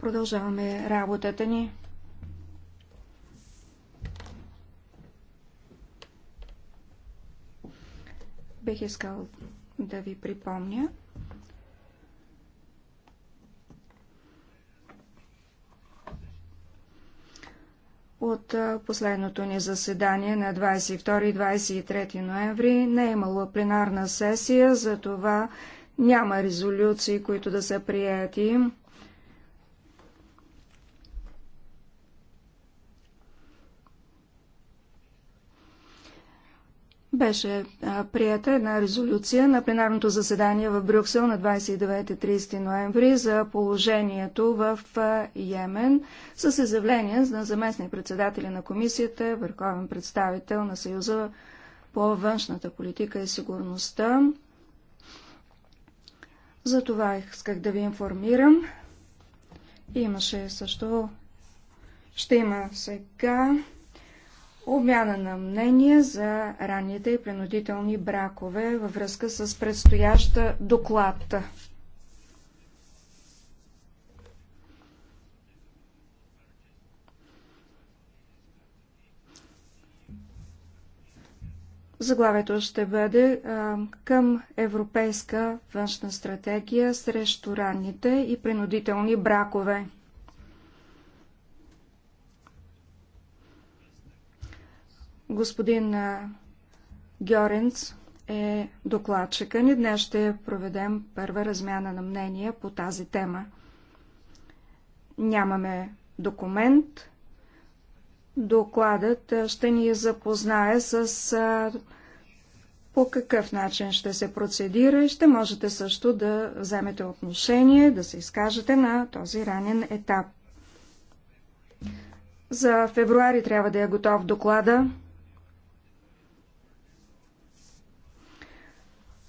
Продължаваме работата ни. Бих искал да ви припомня, от последното ни заседание на 22 23 ноември не е имало пленарна сесия, за това няма резолюции, които да са прияти. беше прията една резолюция на пленарното заседание в Брюксел на 29-30 ноември за положението в Йемен с изявление на заместник председателя на комисията, върховен представител на Съюза по външната политика и сигурността. За това исках да ви информирам. Имаше също... Ще има сега Обмяна на мнение за ранните и принудителни бракове във връзка с предстояща доклад. Заглавието ще бъде а, към Европейска външна стратегия срещу ранните и принудителни бракове. Господин Гьоренц е докладчика ни. Днес ще проведем първа размяна на мнения по тази тема. Нямаме документ. Докладът ще ни запознае с по какъв начин ще се процедира и ще можете също да вземете отношение, да се изкажете на този ранен етап. За февруари трябва да е готов доклада.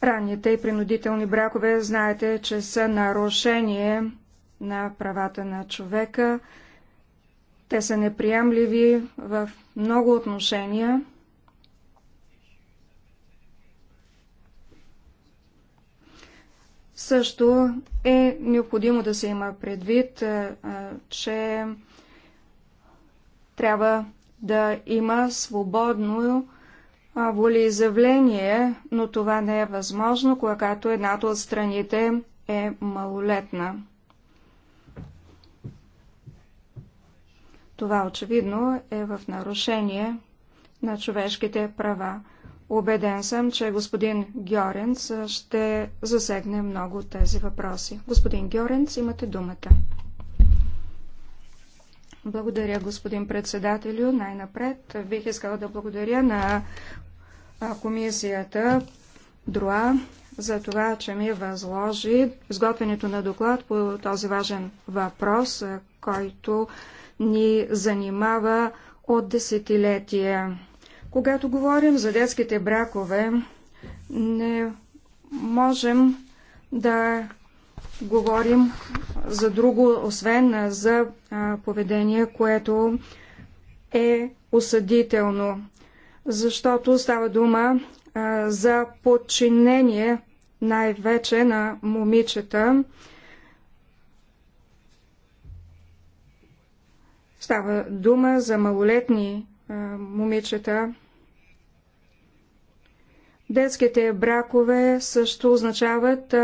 Ранните и принудителни бракове знаете, че са нарушение на правата на човека. Те са неприемливи в много отношения. Също е необходимо да се има предвид, че трябва да има свободно волеизявление, но това не е възможно, когато едната от страните е малолетна. Това очевидно е в нарушение на човешките права. Обеден съм, че господин Гьоренц ще засегне много тези въпроси. Господин Гьоренц, имате думата. Благодаря, господин председателю. Най-напред бих искала да благодаря на комисията ДРУА за това, че ми възложи изготвянето на доклад по този важен въпрос, който ни занимава от десетилетия. Когато говорим за детските бракове, не можем да говорим за друго, освен за поведение, което е осъдително. Защото става дума за подчинение най-вече на момичета. Става дума за малолетни момичета, Детските бракове също означават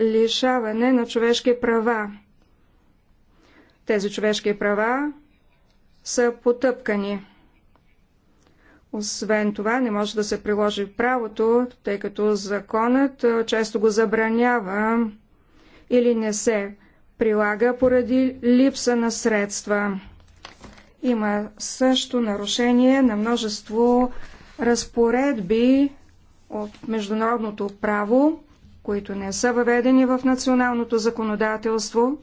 лишаване на човешки права. Тези човешки права са потъпкани. Освен това, не може да се приложи правото, тъй като законът често го забранява или не се прилага поради липса на средства. Има също нарушение на множество разпоредби от международното право, които не са въведени в националното законодателство.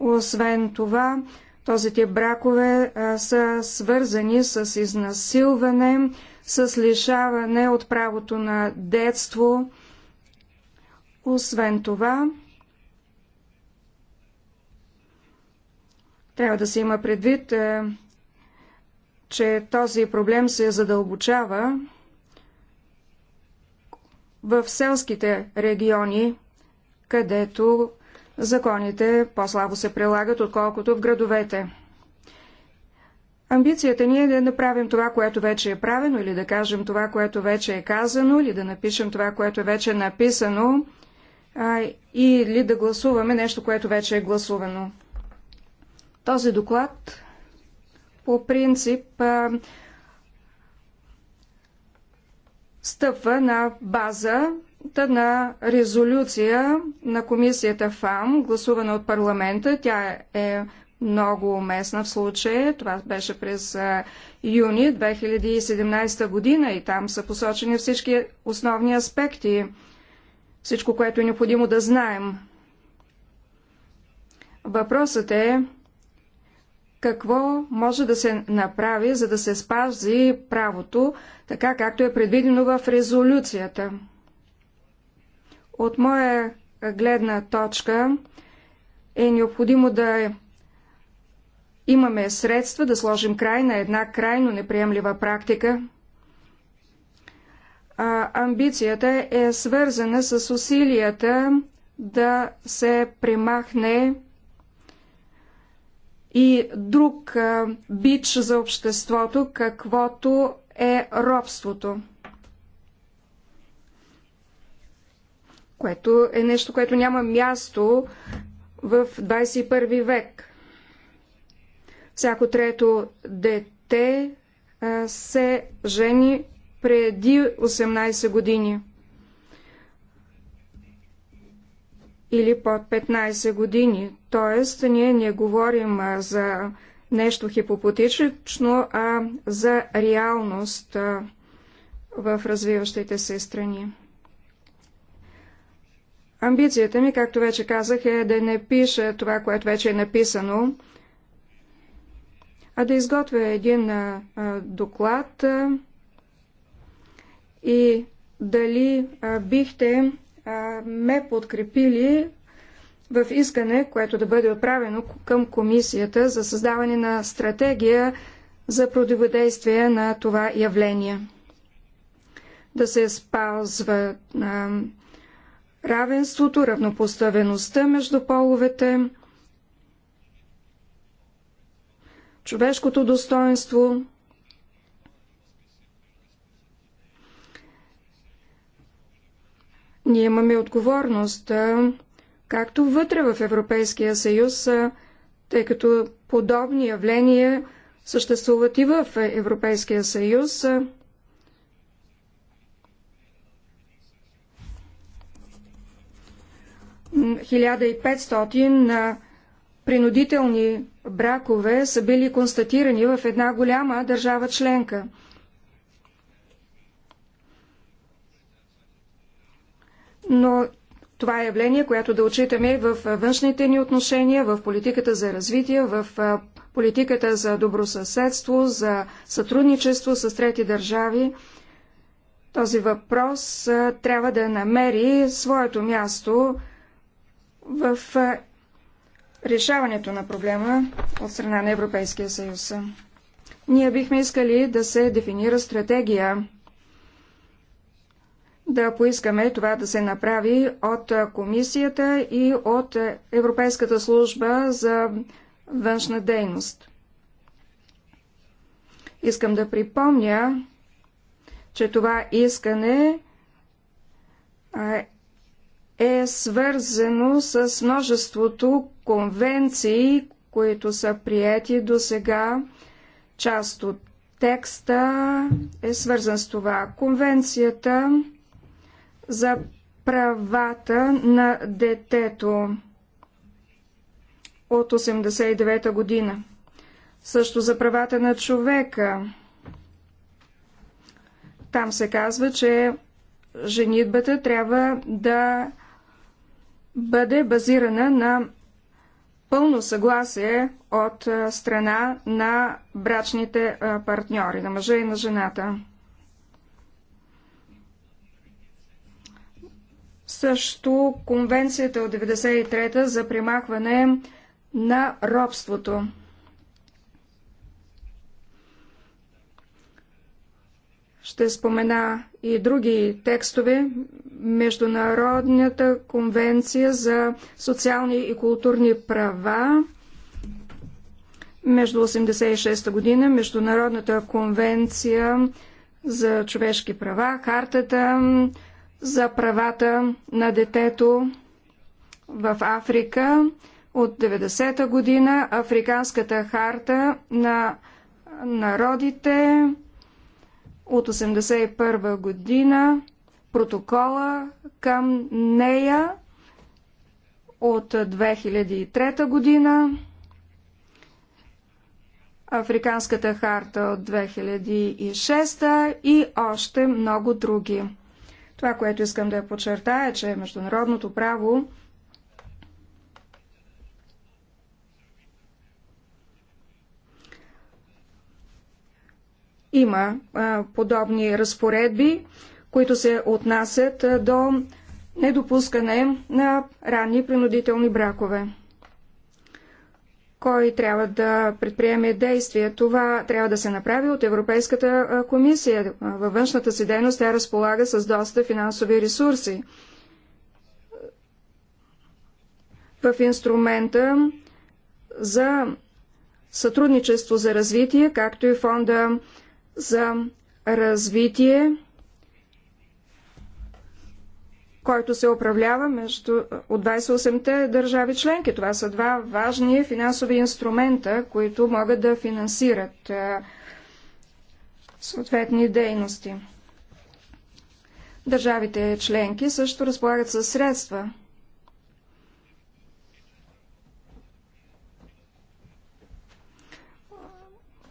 Освен това, този тип бракове а, са свързани с изнасилване, с лишаване от правото на детство. Освен това, трябва да се има предвид, а, е, че този проблем се задълбочава в селските региони, където законите по-слабо се прилагат, отколкото в градовете. Амбицията ни е да направим това, което вече е правено, или да кажем това, което вече е казано, или да напишем това, което вече е написано, а, или да гласуваме нещо, което вече е гласувано. Този доклад по принцип стъпва на базата на резолюция на комисията ФАМ, гласувана от парламента. Тя е много уместна в случая. Това беше през юни 2017 година и там са посочени всички основни аспекти, всичко, което е необходимо да знаем. Въпросът е какво може да се направи, за да се спази правото, така както е предвидено в резолюцията. От моя гледна точка е необходимо да имаме средства да сложим край на една крайно неприемлива практика. А, амбицията е свързана с усилията да се примахне и друг бич за обществото, каквото е робството. Което е нещо, което няма място в 21 век. Всяко трето дете се жени преди 18 години. или под 15 години. Тоест, ние не говорим за нещо хипопотично, а за реалност в развиващите се страни. Амбицията ми, както вече казах, е да не пиша това, което вече е написано, а да изготвя един а, доклад а, и дали а, бихте ме подкрепили в искане, което да бъде отправено към комисията за създаване на стратегия за противодействие на това явление. Да се спазва а, равенството, равнопоставеността между половете, човешкото достоинство, Ние имаме отговорност, както вътре в Европейския съюз, тъй като подобни явления съществуват и в Европейския съюз. на принудителни бракове са били констатирани в една голяма държава членка – но това е явление, което да отчитаме в външните ни отношения, в политиката за развитие, в политиката за добросъседство, за сътрудничество с трети държави. Този въпрос трябва да намери своето място в решаването на проблема от страна на Европейския съюз. Ние бихме искали да се дефинира стратегия да поискаме това да се направи от комисията и от Европейската служба за външна дейност. Искам да припомня, че това искане е свързано с множеството конвенции, които са приети до сега. Част от текста е свързан с това. Конвенцията за правата на детето от 89-та година. Също за правата на човека. Там се казва, че женитбата трябва да бъде базирана на пълно съгласие от страна на брачните партньори, на мъжа и на жената. също конвенцията от 93-та за примахване на робството. Ще спомена и други текстове. Международната конвенция за социални и културни права между 86 година, Международната конвенция за човешки права, хартата, за правата на детето в Африка от 90-та година, Африканската харта на народите от 81 година, протокола към нея от 2003 година, Африканската харта от 2006 и още много други. Това, което искам да подчертая, е, че международното право има подобни разпоредби, които се отнасят до недопускане на ранни принудителни бракове кой трябва да предприеме действия. Това трябва да се направи от Европейската комисия. Във външната си дейност тя разполага с доста финансови ресурси. В инструмента за сътрудничество за развитие, както и фонда за развитие който се управлява между, от 28-те държави членки. Това са два важни финансови инструмента, които могат да финансират е, съответни дейности. Държавите членки също разполагат със средства,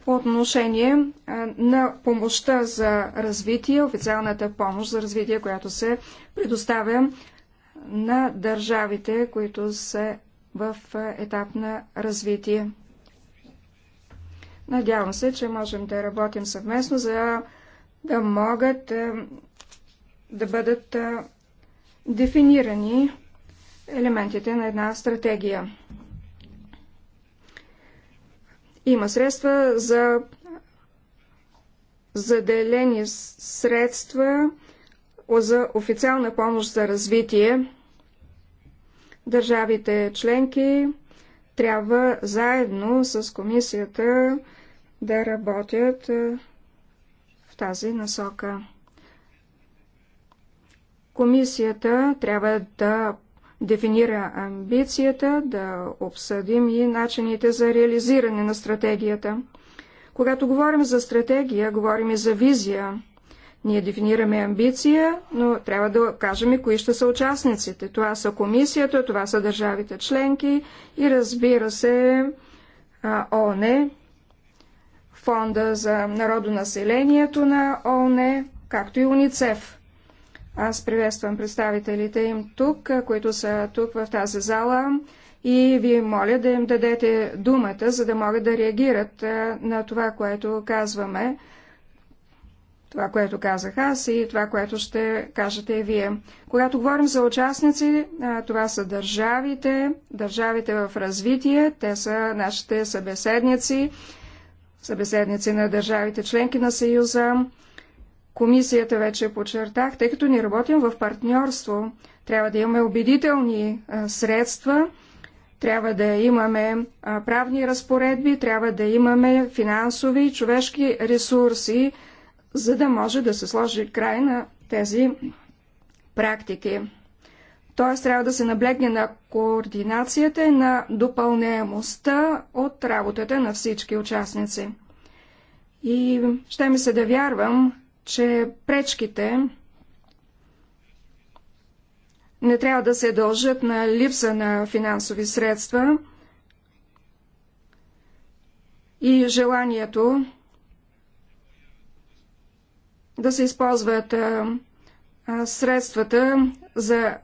по отношение на помощта за развитие, официалната помощ за развитие, която се предоставя на държавите, които са в етап на развитие. Надявам се, че можем да работим съвместно, за да могат да бъдат дефинирани елементите на една стратегия. Има средства за заделени средства за официална помощ за развитие. Държавите членки трябва заедно с комисията да работят е, в тази насока. Комисията трябва да дефинира амбицията, да обсъдим и начините за реализиране на стратегията. Когато говорим за стратегия, говорим и за визия. Ние дефинираме амбиция, но трябва да кажем и кои ще са участниците. Това са комисията, това са държавите членки и разбира се ООН, Фонда за народонаселението на ООН, както и УНИЦЕФ. Аз приветствам представителите им тук, които са тук в тази зала и ви моля да им дадете думата, за да могат да реагират е, на това, което казваме, това, което казах аз и това, което ще кажете и вие. Когато говорим за участници, е, това са държавите, държавите в развитие, те са нашите събеседници, събеседници на държавите членки на Съюза, комисията вече подчертах, тъй като ни работим в партньорство, трябва да имаме убедителни средства, трябва да имаме правни разпоредби, трябва да имаме финансови и човешки ресурси, за да може да се сложи край на тези практики. Т.е. трябва да се наблегне на координацията и на допълняемостта от работата на всички участници. И ще ми се да вярвам, че пречките не трябва да се дължат на липса на финансови средства и желанието да се използват средствата за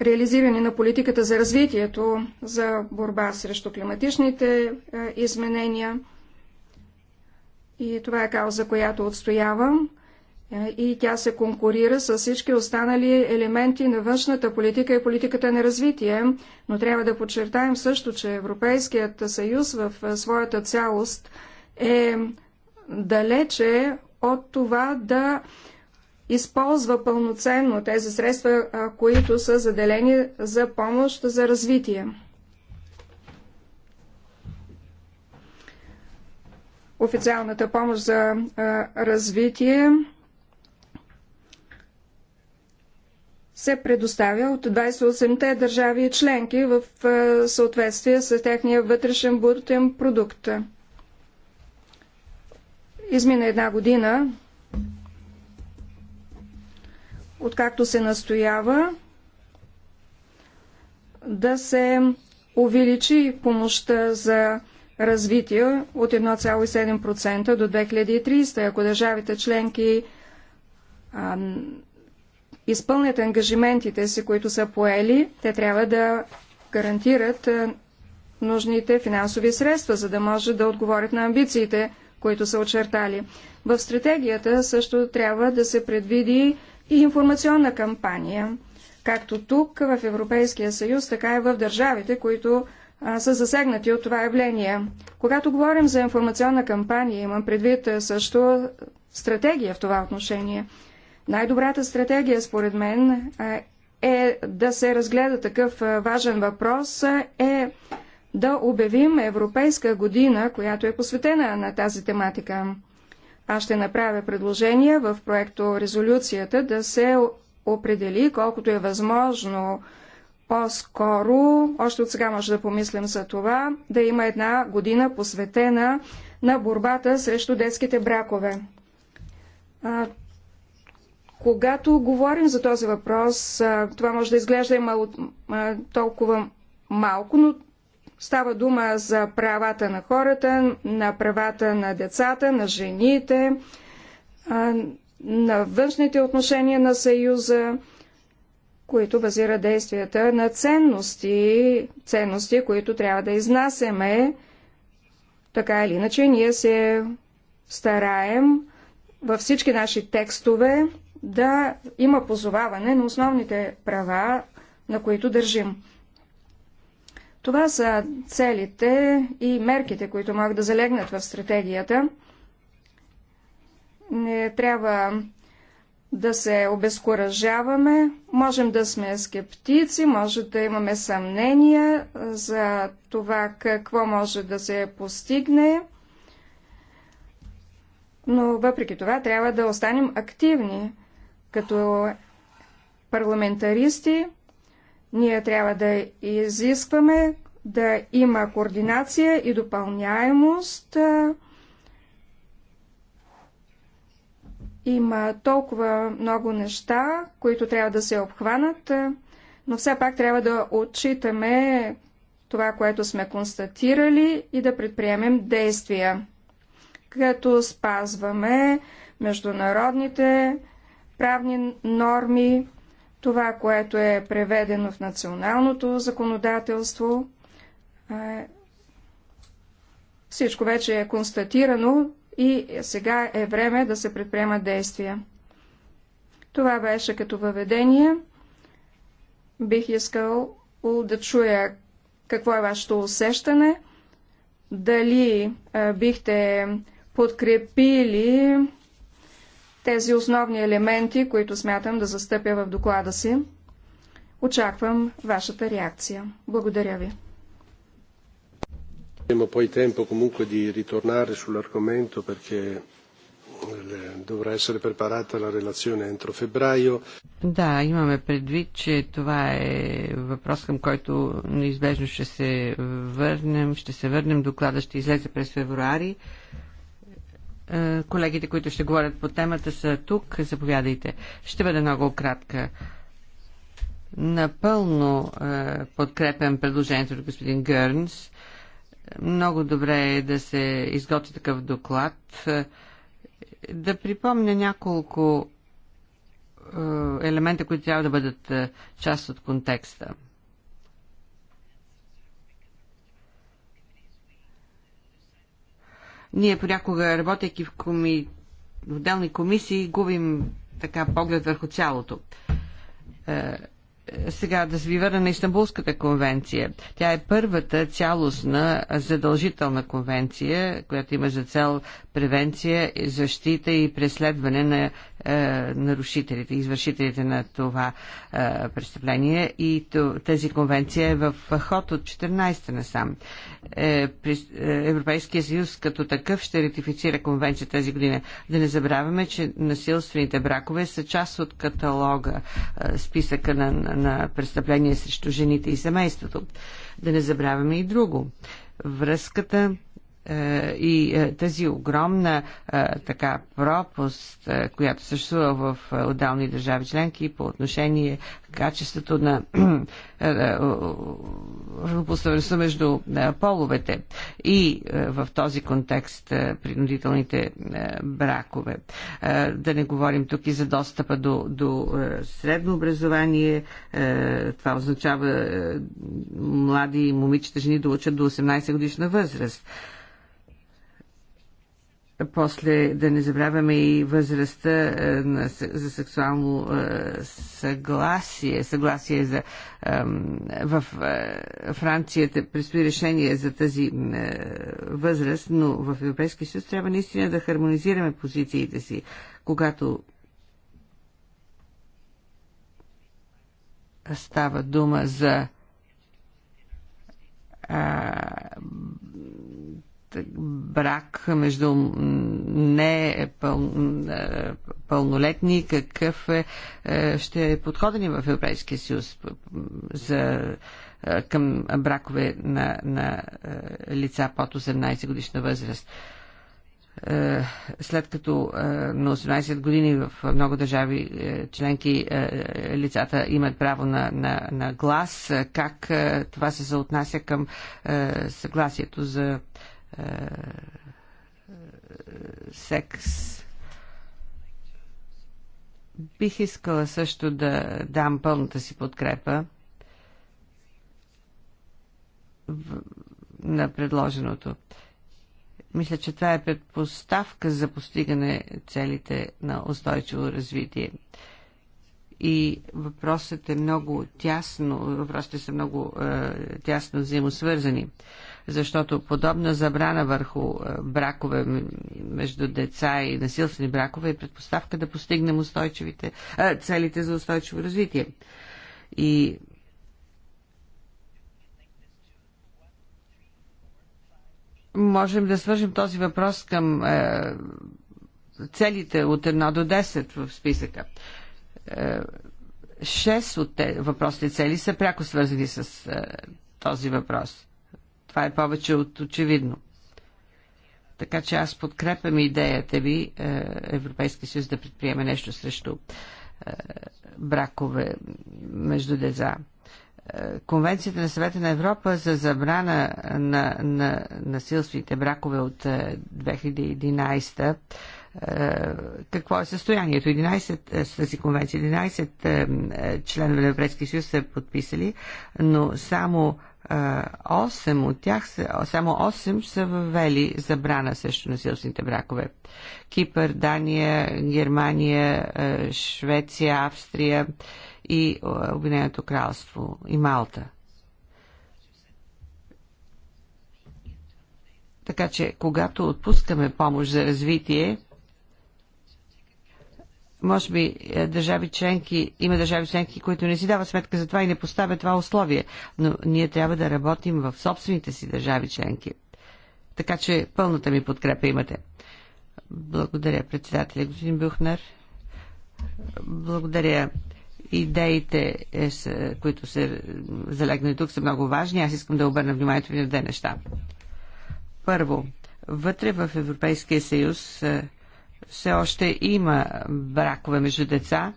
реализиране на политиката за развитието, за борба срещу климатичните изменения – и това е кауза, която отстоявам. Е, и тя се конкурира с всички останали елементи на външната политика и политиката на развитие. Но трябва да подчертаем също, че Европейският съюз в е, своята цялост е далече от това да използва пълноценно тези средства, които са заделени за помощ за развитие. официалната помощ за развитие се предоставя от 28-те държави и членки в съответствие с техния вътрешен буртен продукт. Измина една година, откакто се настоява да се увеличи помощта за развитие от 1,7% до 2030. Ако държавите членки а, изпълнят ангажиментите си, които са поели, те трябва да гарантират нужните финансови средства, за да може да отговорят на амбициите, които са очертали. В стратегията също трябва да се предвиди и информационна кампания, както тук в Европейския съюз, така и в държавите, които са засегнати от това явление. Когато говорим за информационна кампания, имам предвид също стратегия в това отношение. Най-добрата стратегия, според мен, е да се разгледа такъв важен въпрос, е да обявим Европейска година, която е посветена на тази тематика. Аз ще направя предложение в проекто резолюцията да се определи колкото е възможно по-скоро, още от сега може да помислим за това, да има една година посветена на борбата срещу детските бракове. А, когато говорим за този въпрос, а, това може да изглежда и мал, а, толкова малко, но става дума за правата на хората, на правата на децата, на жените, а, на външните отношения на Съюза, които базира действията на ценности, ценности, които трябва да изнасяме. Така или иначе, ние се стараем във всички наши текстове да има позоваване на основните права, на които държим. Това са целите и мерките, които могат да залегнат в стратегията. Не трябва да се обезкуражаваме, можем да сме скептици, може да имаме съмнения за това какво може да се постигне, но въпреки това трябва да останем активни като парламентаристи. Ние трябва да изискваме да има координация и допълняемост Има толкова много неща, които трябва да се обхванат, е, но все пак трябва да отчитаме това, което сме констатирали и да предприемем действия, като спазваме международните правни норми, това, което е преведено в националното законодателство. Е, всичко вече е констатирано, и сега е време да се предприемат действия. Това беше като въведение. Бих искал да чуя какво е вашето усещане, дали бихте подкрепили тези основни елементи, които смятам да застъпя в доклада си. Очаквам вашата реакция. Благодаря ви. Avremo poi tempo comunque di ritornare sull'argomento perché eh, dovrà essere preparata la relazione entro febbraio. Да, имаме предвид, че това е въпрос, към който неизбежно ще се върнем. Ще се върнем. Доклада ще излезе през февруари. Е, колегите, които ще говорят по темата, са тук. Заповядайте. Ще бъде много кратка. Напълно е, подкрепям предложението от господин Гърнс много добре е да се изготви такъв доклад. Да припомня няколко е, елемента, които трябва да бъдат е, част от контекста. Ние понякога, работейки в коми... В отделни комисии, губим така поглед върху цялото. Е, сега да ви върна на Истанбулската конвенция. Тя е първата цялостна задължителна конвенция, която има за цел превенция, защита и преследване на е, нарушителите, извършителите на това е, престъпление и тази конвенция е в ход от 14-та насам. Е, Европейския съюз като такъв ще ратифицира конвенция тази година. Да не забравяме, че насилствените бракове са част от каталога, списъка на, на престъпления срещу жените и семейството. Да не забравяме и друго. Връзката е, и е, тази огромна е, така пропуст, която съществува в отдални държави членки по отношение качеството на равнопоставеността между половете и в този контекст принудителните бракове. Да не говорим тук и за достъпа до, до средно образование. Това означава млади момичета жени да учат до 18 годишна възраст после да не забравяме и възрастта е, на, за сексуално е, съгласие. Съгласие за, в е, Франция предстои решение за тази възраст, но в Европейския съюз трябва наистина да хармонизираме позициите си, когато става дума за брак между не пъл, е, пълнолетни, какъв е, е ще е подходен в Европейския съюз за, е, към бракове на, на лица под 18 годишна възраст след като на 18 години в много държави членки лицата имат право на, на, на глас, как това се заотнася към съгласието за секс. Бих искала също да дам пълната си подкрепа на предложеното. Мисля, че това е предпоставка за постигане целите на устойчиво развитие. И въпросът е много тясно, въпросите са много е, тясно взаимосвързани защото подобна забрана върху е, бракове между деца и насилствени бракове е предпоставка да постигнем устойчивите, е, целите за устойчиво развитие. И можем да свържем този въпрос към е, целите от 1 до 10 в списъка. Е, шест 6 от те, въпросите цели са пряко свързани с е, този въпрос. Това е повече от очевидно. Така че аз подкрепям идеята ви е, Европейския съюз да предприеме нещо срещу е, бракове между деца. Е, Конвенцията на съвета на Европа за забрана на, на насилствените бракове от 2011 какво е състоянието. 11, с тази конвенция 11 членове на Европейския съюз са подписали, но само 8 от тях, само 8 са въвели забрана срещу насилствените бракове. Кипър, Дания, Германия, Швеция, Австрия и Обединеното кралство и Малта. Така че, когато отпускаме помощ за развитие, може би е, държави членки, има държави членки, които не си дават сметка за това и не поставят това условие, но ние трябва да работим в собствените си държави членки. Така че пълната ми подкрепа имате. Благодаря, председателя. Господин Бюхнер, благодаря идеите, е, които са залегнали тук, са много важни. Аз искам да обърна вниманието ви на две неща. Първо, вътре в Европейския съюз е, все още има бракове между деца,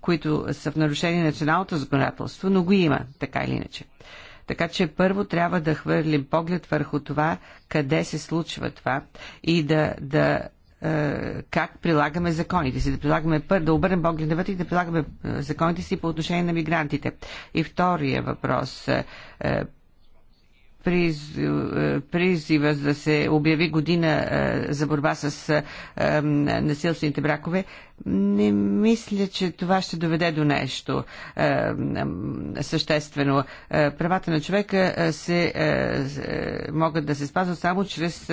които са в нарушение на националното законодателство, но го има, така или иначе. Така че първо трябва да хвърлим поглед върху това, къде се случва това и да, да е, как прилагаме законите си. Да, прилагаме, да обърнем поглед на и да прилагаме е, законите си по отношение на мигрантите. И втория въпрос е, приз, е, призива да се обяви година е, за борба с е, насилствените бракове, не мисля, че това ще доведе до нещо съществено. Правата на човека се, могат да се спазват само чрез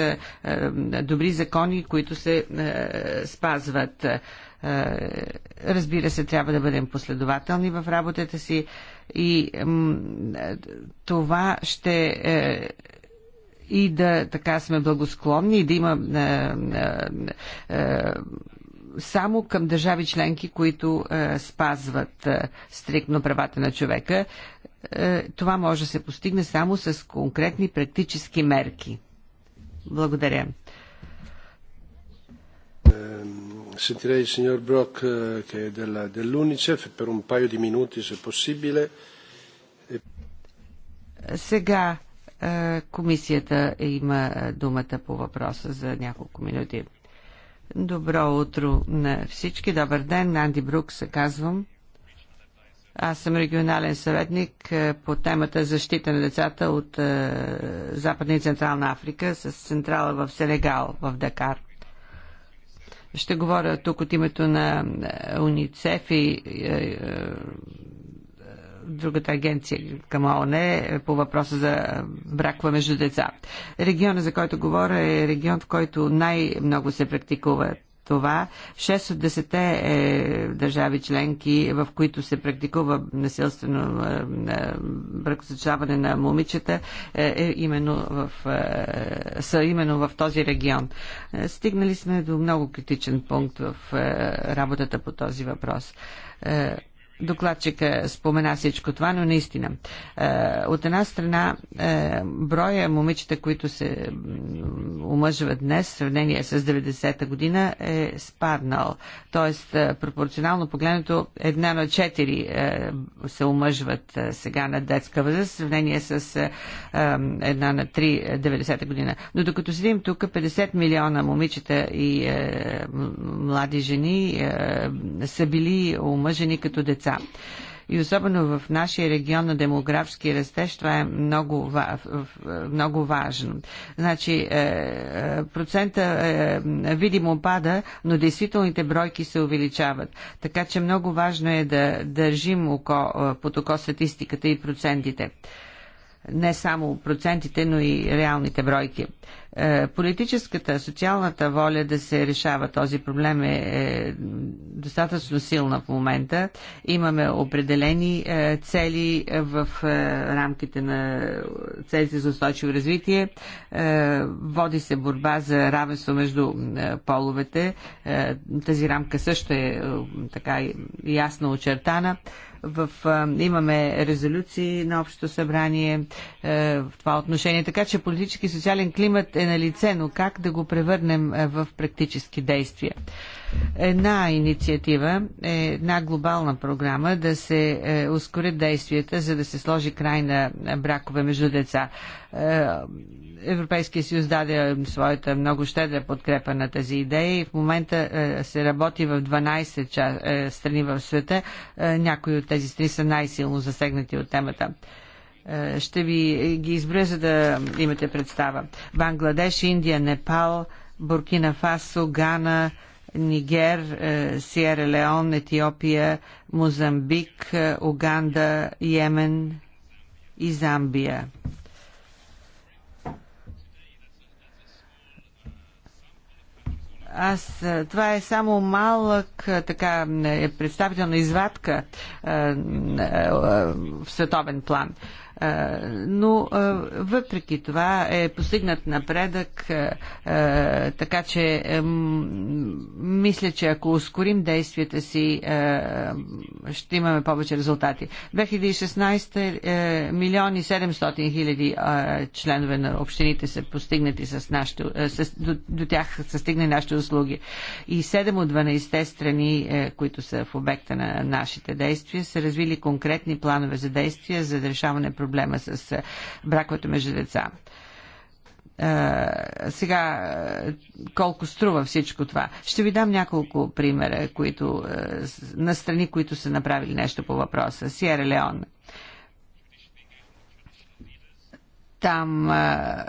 добри закони, които се спазват. Е, разбира се, трябва да бъдем последователни в работата си и това ще е, и да така сме благосклонни и да има е, само към държави членки, които е, спазват е, стрикно правата на човека. Е, това може да се постигне само с конкретни практически мерки. Благодаря sentirei il signor Brock eh, che è della, dell'UNICEF per un paio di minuti se possibile. Сега eh, комисията има eh, думата по въпроса за няколко минути. Добро утро на всички. Добър ден. Анди Брук се казвам. Аз съм регионален съветник е, по темата защита на децата от е, Западна и Централна Африка с централа в Сенегал, в Дакар. Ще говоря тук от името на е, УНИЦЕФ и е, е, другата агенция към ООН по въпроса за браква между деца. Региона, за който говоря, е регион, в който най-много се практикуват това 6 от 10 е, държави членки, в които се практикува насилствено е, е, бракосъчаване на момичета, е, е, именно в, е, са именно в този регион. Е, стигнали сме до много критичен пункт в е, работата по този въпрос. Е, Докладчика спомена всичко това, но наистина. Е, от една страна, е, броя момичета, които се омъжват днес, в сравнение с 90-та година, е спаднал. Тоест, е, пропорционално погледнато, една на четири се омъжват сега на детска възраст, в сравнение с една на три 90-та година. Но докато седим тук, 50 милиона момичета и млади жени са били омъжени като деца деца. И особено в нашия регион на демографски растеж това е много, много важно. Значи, е, е, процента е, видимо пада, но действителните бройки се увеличават. Така че много важно е да държим око, под око статистиката и процентите. Не само процентите, но и реалните бройки. Е, политическата, социалната воля да се решава този проблем е, е достатъчно силна в момента. Имаме определени е, цели в рамките на целите за устойчиво развитие. Води се борба за равенство между половете. Тази рамка също е така ясно очертана в, имаме резолюции на Общото събрание в това отношение. Така че политически и социален климат е е на лице, но как да го превърнем е, в практически действия? Една инициатива е една глобална програма да се е, ускорят действията, за да се сложи край на бракове между деца. Европейския съюз даде своята много щедра подкрепа на тази идея и в момента се работи в 12 страни в света. Някои от тези страни са най-силно засегнати от темата. Е, ще ви ги изброя, за да имате представа. Бангладеш, Индия, Непал, Буркина Фасо, Гана, Нигер, е, Сиера Леон, Етиопия, Мозамбик, е, Уганда, Йемен и Замбия. Аз, това е само малък така представителна извадка в световен план. Е, но е, въпреки това е постигнат напредък, е, така че мисля, че ако ускорим действията си, ще имаме повече резултати. 2016 милиони 700 хиляди членове на общините са постигнати с нашите, с, до, до тях са стигнали нашите услуги. И 7 от 12 страни, които са в обекта на нашите действия, са развили конкретни планове за действия за решаване проблемите проблема с браковете между деца сега колко струва всичко това. Ще ви дам няколко примера които, на страни, които са направили нещо по въпроса. Сиера Леон. Там а,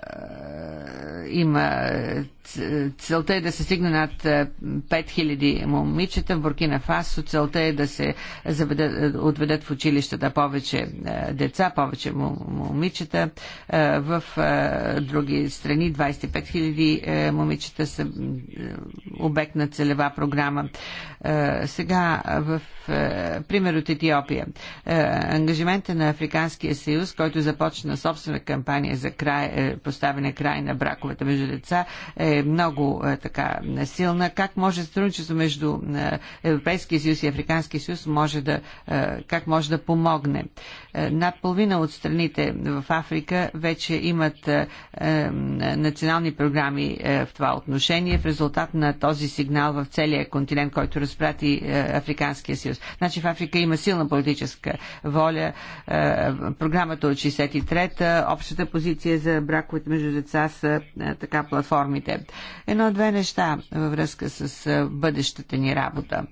има целта е да се стигне над 5000 момичета в Буркина Фасо. Целта е да се заведат, отведат в училищата повече деца, повече момичета. В други страни 25 000 момичета са обект на целева програма. Сега в пример от Етиопия. Ангажимента на Африканския съюз, който започна собствена кампания кампания за край, е, поставяне край на браковете между деца е много е, така силна. Как може сътрудничество между е, Европейския съюз и Африканския съюз може да, как може да помогне? Над половина от страните в Африка вече имат национални програми в това отношение в резултат на този сигнал в целия континент, който разпрати Африканския съюз. Значи в Африка има силна политическа воля. Програмата от 63-та, общата позиция за браковете между деца са така платформите. Едно-две неща във връзка с бъдещата ни работа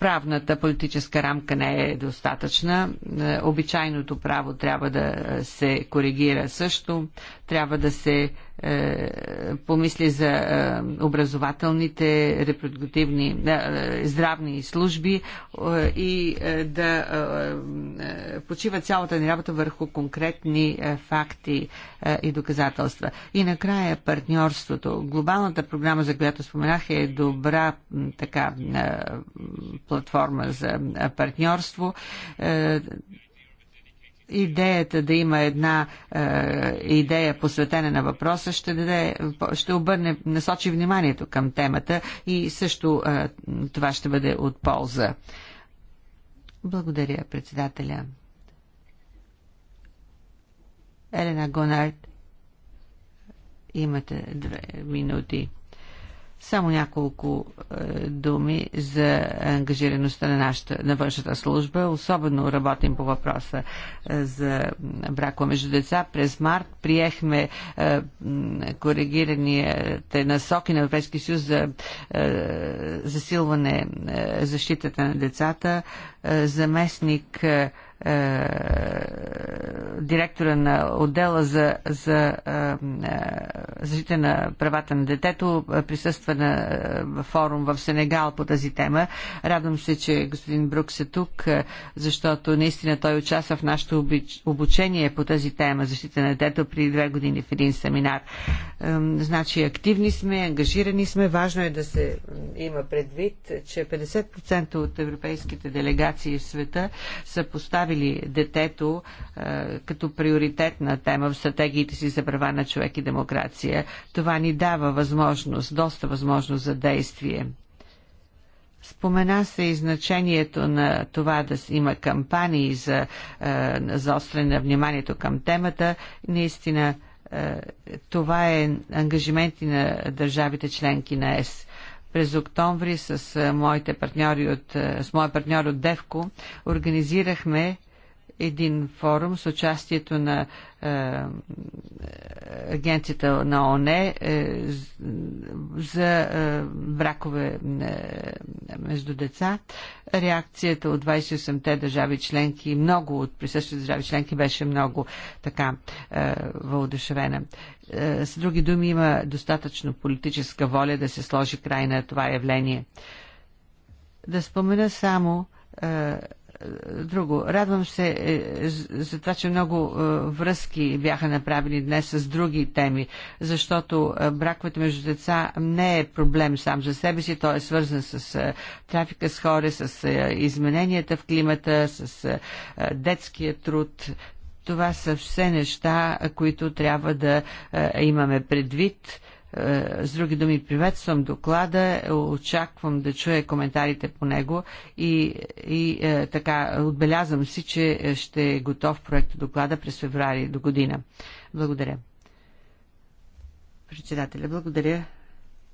правната политическа рамка не е достатъчна. Обичайното право трябва да се коригира също. Трябва да се е, помисли за е, образователните, репродуктивни, е, здравни служби и да почива цялата ни работа върху конкретни факти и доказателства. И накрая партньорството. Глобалната програма, за която споменах, е добра така платформа за партньорство идеята да има една е, идея посветена на въпроса ще, даде, ще обърне, насочи вниманието към темата и също е, това ще бъде от полза. Благодаря, председателя. Елена Гонард, имате две минути. Само няколко е, думи за ангажираността на, нашата, на външната служба. Особено работим по въпроса е, за брако между деца. През март приехме е, коригираните насоки на Европейския съюз за е, засилване е, защитата на децата. Е, заместник е, е, директора на отдела за, за е, е, защита на правата на детето присъства на форум в Сенегал по тази тема. Радвам се, че господин Брукс е тук, защото наистина той участва в нашето обучение по тази тема защита на детето при две години в един семинар. Значи активни сме, ангажирани сме. Важно е да се има предвид, че 50% от европейските делегации в света са поставени поставили детето е, като приоритетна тема в стратегиите си за права на човек и демокрация. Това ни дава възможност, доста възможност за действие. Спомена се и значението на това да има кампании за е, заостряне на вниманието към темата. Наистина, е, това е и на държавите членки на ЕС през октомври с моите партньори от, с моя партньор от Девко организирахме един форум с участието на е, агенцията на ОНЕ е, за е, бракове е, между деца. Реакцията от 28-те държави членки, много от присъщите държави членки беше много така е, въодушевена. Е, с други думи, има достатъчно политическа воля да се сложи край на това явление. Да спомена само е, друго. Радвам се е, за това, че много е, връзки бяха направени днес с други теми, защото е, браквата между деца не е проблем сам за себе си, той е свързан с трафика с хора, с измененията в климата, с детския труд. Това са все неща, които трябва да имаме предвид е, с други думи, приветствам доклада, е, очаквам да чуя коментарите по него и, и е, така отбелязвам си, че ще е готов проект доклада през феврари до година. Благодаря. Председателя, благодаря.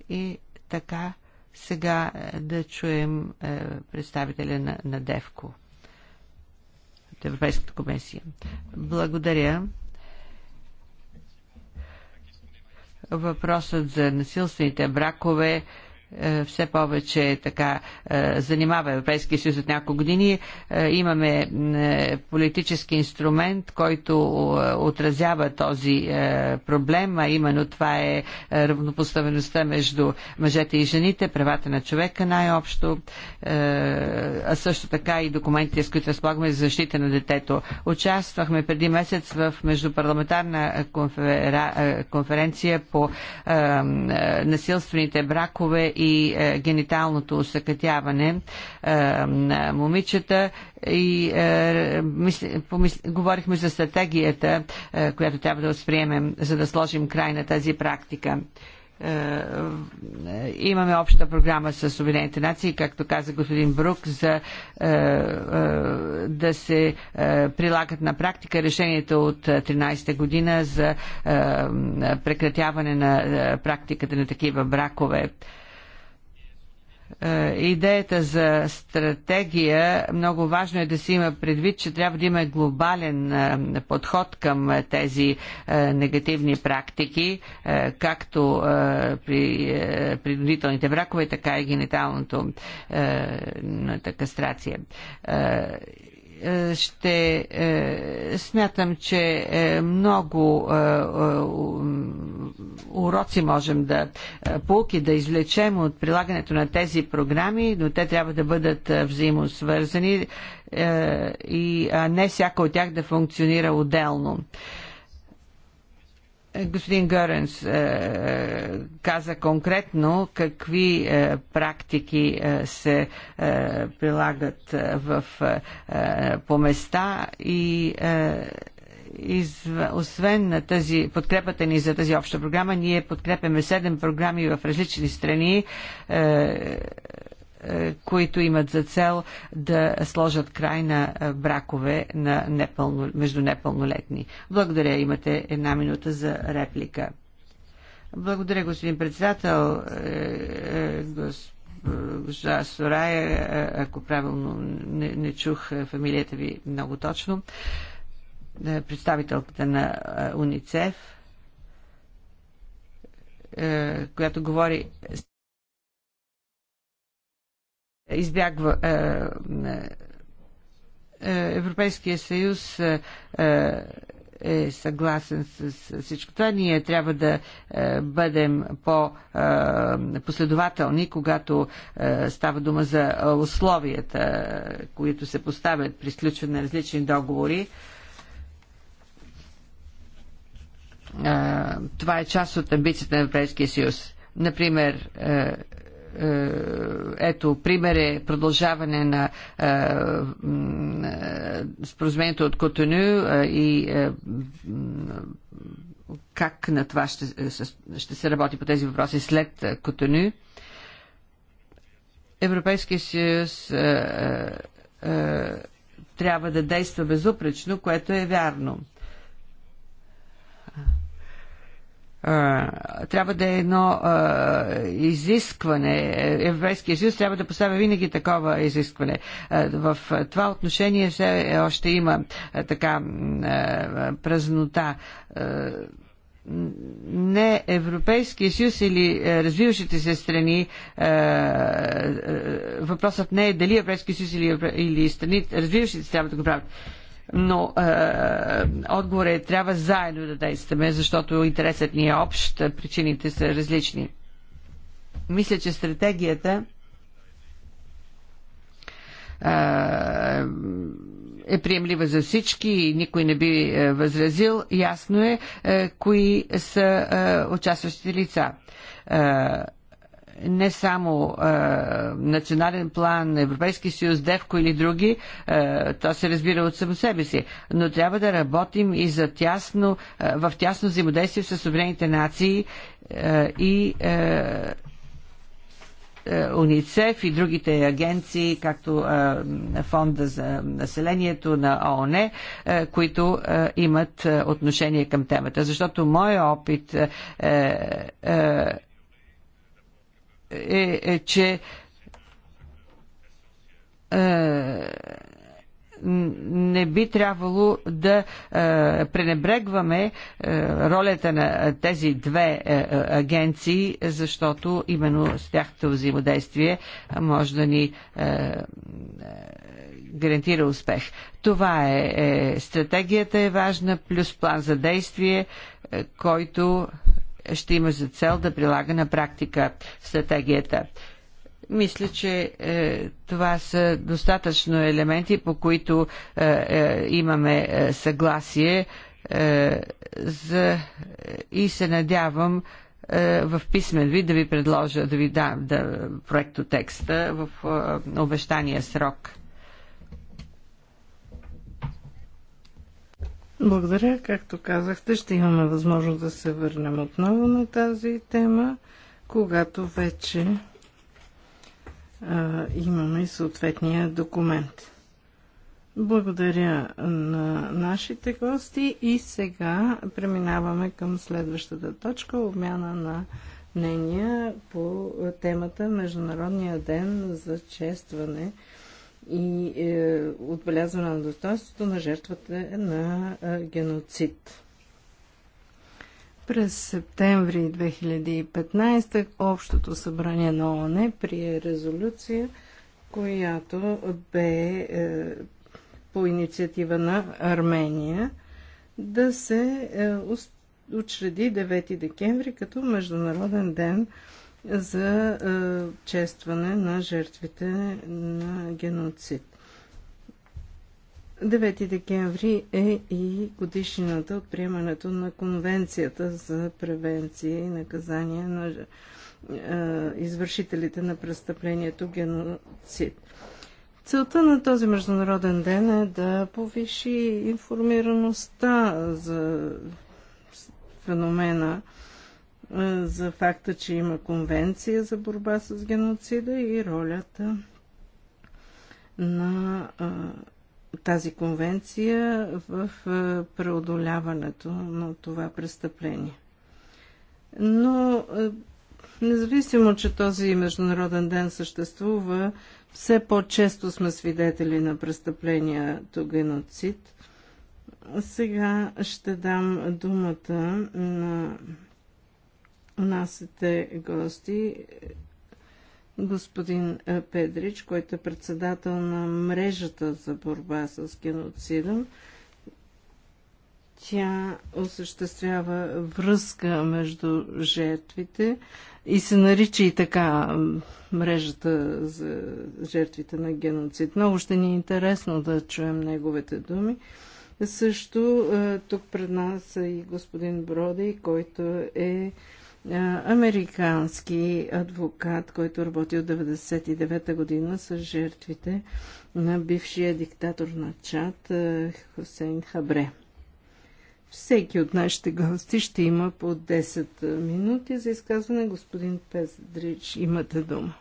И така, сега да чуем представителя на, на ДЕВКО от Европейската комисия. Благодаря. Въпросът за насилствените бракове е, все повече така е, занимава Европейския съюз от няколко години. Е, имаме политически инструмент, който отразява този проблем, а именно това е равнопоставеността между мъжете и жените, правата на човека най-общо, а също така и документите, с които разполагаме за защита на детето. Участвахме преди месец в междупарламентарна конференция по насилствените бракове и и е, гениталното усъкътяване е, на момичета и е, мисли, помисли, говорихме за стратегията, е, която трябва да възприемем, за да сложим край на тази практика е, е, имаме обща програма с Обединените нации, както каза господин Брук, за е, да се прилагат на практика решенията от 13-та година за прекратяване на практиката на такива бракове. Е, идеята за стратегия, много важно е да се има предвид, че трябва да има глобален е, подход към е, тези негативни практики, както при принудителните бракове, така и гениталното кастрация е, ще е, смятам, че е, много уроци можем да полки да излечем от прилагането на тези програми, но те трябва да бъдат взаимосвързани и не всяка от тях да функционира отделно. Господин Горенс е, каза конкретно какви е, практики е, се прилагат в, по места и Изв... освен на тази подкрепата ни за тази обща програма, ние подкрепяме седем програми в различни страни. Е, които имат за цел да сложат край на е, бракове на непълно, между непълнолетни. Благодаря, имате една минута за реплика. Благодаря, господин председател. Е, госпожа Сорая, ако правилно не, не чух фамилията ви много точно, представителката на УНИЦЕФ, която говори избягва е, е, е, Европейския съюз е съгласен с всичко това. Ние трябва да бъдем по-последователни, когато става дума за условията, които се поставят при сключване на различни договори. Това е част от амбицията на Европейския съюз. Например, е, ето, пример е продължаване на е, е, споразумението от Котоню и как на това ще, ще се работи по тези въпроси след Котоню. Европейския съюз трябва да действа безупречно, което е вярно. трябва да е едно изискване. Европейския съюз трябва да поставя винаги такова изискване. В това отношение все още има така празнота не Европейския съюз или развиващите се страни, въпросът не е дали Европейския съюз или, или страни, развиващите се трябва да го правят но е, отговор е трябва заедно да действаме, защото интересът ни е общ, причините са различни. Мисля, че стратегията е, е приемлива за всички и никой не би е, възразил. Ясно е, е кои са участващите лица не само е, национален план, Европейски съюз, ДЕВКО или други, е, то се разбира от само себе си, но трябва да работим и за тясно, е, в тясно взаимодействие с Съединените нации е, и е, е, УНИЦЕФ и другите агенции, както е, Фонда за населението на ООН, е, които имат отношение към темата. Защото моят опит е е, е че е, не би трябвало да е, пренебрегваме е, ролята на тези две е, е, агенции, защото именно с тяхното взаимодействие може да ни е, е, гарантира успех. Това е, е стратегията е важна, плюс план за действие, е, който ще има за цел да прилага на практика стратегията. Мисля, че е, това са достатъчно елементи, по които е, е, имаме е, съгласие е, за, е, и се надявам е, в писмен вид да ви предложа да ви дам да, текста в е, обещания срок. Благодаря. Както казахте, ще имаме възможност да се върнем отново на тази тема, когато вече а, имаме и съответния документ. Благодаря на нашите гости и сега преминаваме към следващата точка обмяна на мнения по темата Международния ден за честване и е, отбелязване на достоинството на жертвата на е, геноцид. През септември 2015 Общото събрание на ООН прие резолюция, която бе е, по инициатива на Армения да се е, учреди 9 декември като Международен ден за честване на жертвите на геноцид. 9 декември е и годишнината от приемането на Конвенцията за превенция и наказание на извършителите на престъплението геноцид. Целта на този международен ден е да повиши информираността за феномена за факта, че има конвенция за борба с геноцида и ролята на тази конвенция в преодоляването на това престъпление. Но независимо, че този Международен ден съществува, все по-често сме свидетели на престъплението геноцид. Сега ще дам думата на нашите гости господин е, Педрич, който е председател на мрежата за борба с геноцидом. Тя осъществява връзка между жертвите и се нарича и така мрежата за жертвите на геноцид. Много ще ни е интересно да чуем неговите думи. Също е, тук пред нас е и господин Броди, който е е, американски адвокат, който работи от 99-та година с жертвите на бившия диктатор на Чад е, Хусейн Хабре. Всеки от нашите гости ще има по 10 минути за изказване. Господин Пездрич, имате дума.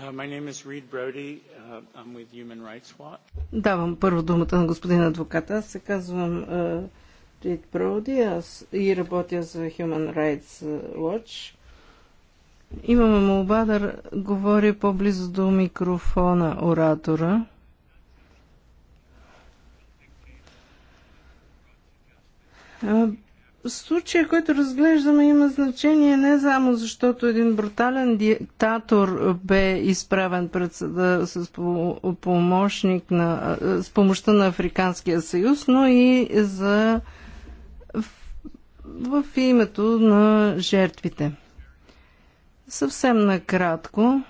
Uh, uh, Давам първо думата на господин адвокат. Аз се казвам Рид е, Броуди аз и работя за Human Rights е, Watch. Имаме му обадър, говори по-близо до микрофона оратора. Е, случая, който разглеждаме, има значение не само защото един брутален диктатор бе изправен пред съда с помощник на, с помощта на Африканския съюз, но и за в, в името на жертвите. Съвсем накратко,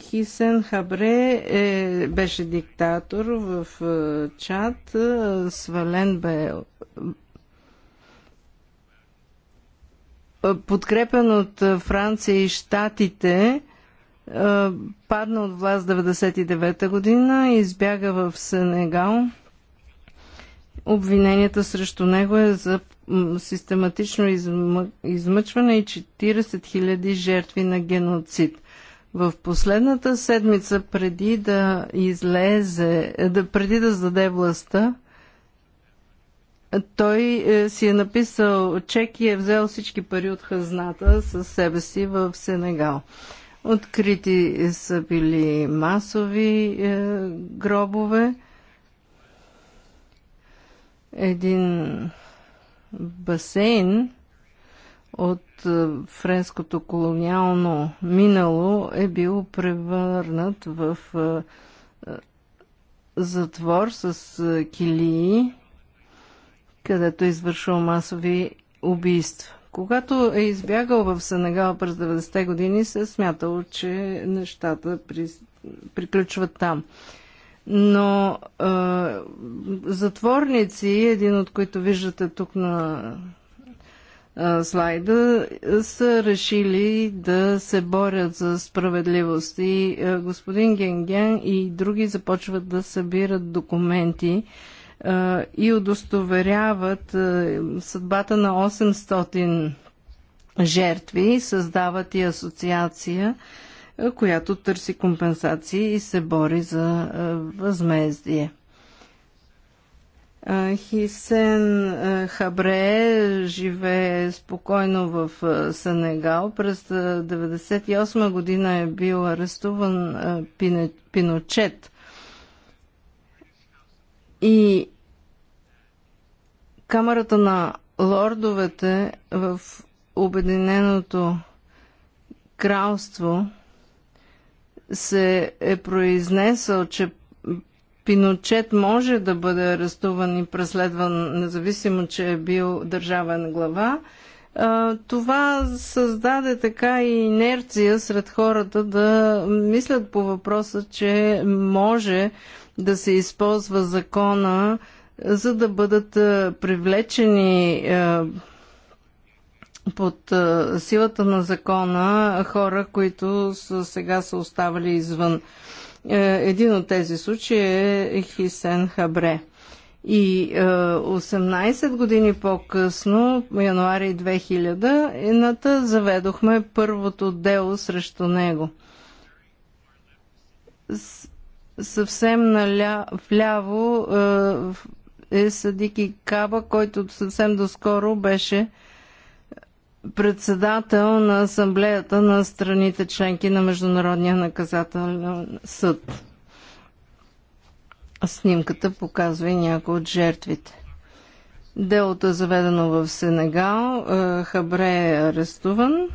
Хисен Хабре е, беше диктатор в е, Чад, е, свален бе е, подкрепен от е, Франция и Штатите, е, падна от власт 99-та година и избяга в Сенегал. Обвиненията срещу него е за систематично измъчване и 40 000 жертви на геноцид. В последната седмица преди да излезе, да, преди да зададе властта, той е, си е написал чек и е взел всички пари от хазната със себе си в Сенегал. Открити са били масови е, гробове. Един басейн от е, френското колониално минало е бил превърнат в е, е, затвор с килии, където е извършил масови убийства. Когато е избягал в Сенегал през 90-те години, се е смятало, че нещата при... приключват там. Но е, затворници, един от които виждате тук на слайда, са решили да се борят за справедливост. И господин Генген и други започват да събират документи и удостоверяват съдбата на 800 жертви, създават и асоциация, която търси компенсации и се бори за възмездие. Хисен Хабре живее спокойно в Сенегал. През 1998 година е бил арестуван Пиночет. И Камерата на лордовете в Обединеното кралство се е произнесъл, че Пиночет може да бъде арестуван и преследван, независимо, че е бил държавен глава. Това създаде така и инерция сред хората да мислят по въпроса, че може да се използва закона, за да бъдат привлечени под силата на закона хора, които сега са оставали извън е, един от тези случаи е Хисен Хабре. И 18 е, години по-късно, януари 2000, заведохме първото дело срещу него. Съвсем наля, вляво е, е Садики Каба, който съвсем доскоро беше председател на Асамблеята на страните членки на Международния наказателен съд. Снимката показва и някои от жертвите. Делото е заведено в Сенегал. Е, Хабре е арестуван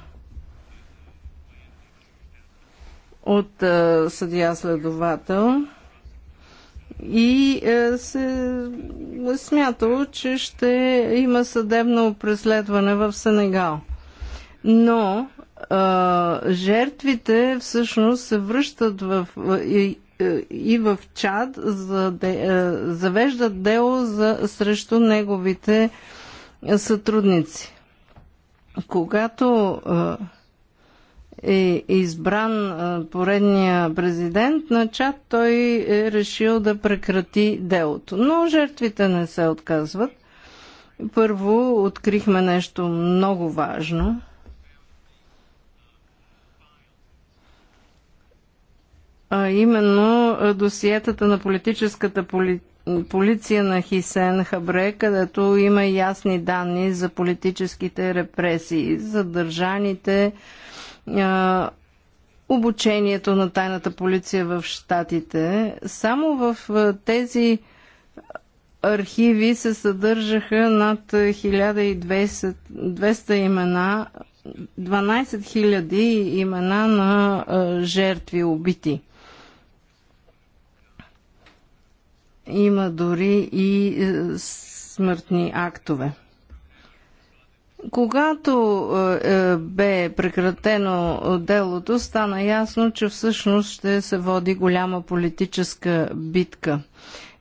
от е, съдия-следовател и е, се е смятало, че ще има съдебно преследване в Сенегал. Но а, е, жертвите всъщност се връщат в, и, и в Чад, за де, завеждат дело за, срещу неговите сътрудници. Когато а, е избран поредния президент на чат, той е решил да прекрати делото. Но жертвите не се отказват. Първо открихме нещо много важно. А именно досиетата на политическата поли... полиция на Хисен Хабре, където има ясни данни за политическите репресии, задържаните, обучението на тайната полиция в Штатите. Само в тези архиви се съдържаха над 1200, 200 имена, 12 000 имена на жертви убити. Има дори и смъртни актове. Когато е, е, бе прекратено делото, стана ясно, че всъщност ще се води голяма политическа битка.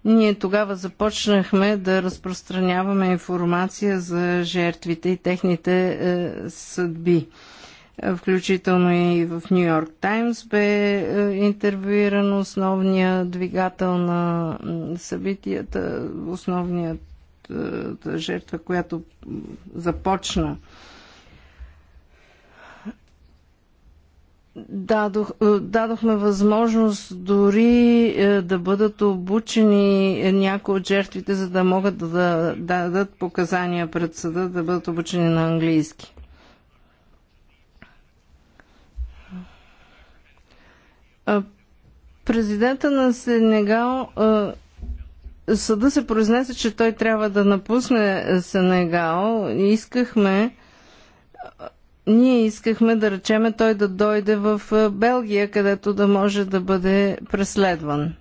Ние тогава започнахме да разпространяваме информация за жертвите и техните е, съдби. Включително и в Нью Йорк Таймс бе е, интервюиран основният двигател на събитията, основният е, жертва, която започна Дадох, е, дадохме възможност дори е, да бъдат обучени някои от жертвите, за да могат да, да, да дадат показания пред съда, да бъдат обучени на английски. Президента на Сенегал съда се произнесе, че той трябва да напусне Сенегал. Искахме ние искахме да речеме той да дойде в е, Белгия, където да може да бъде преследван.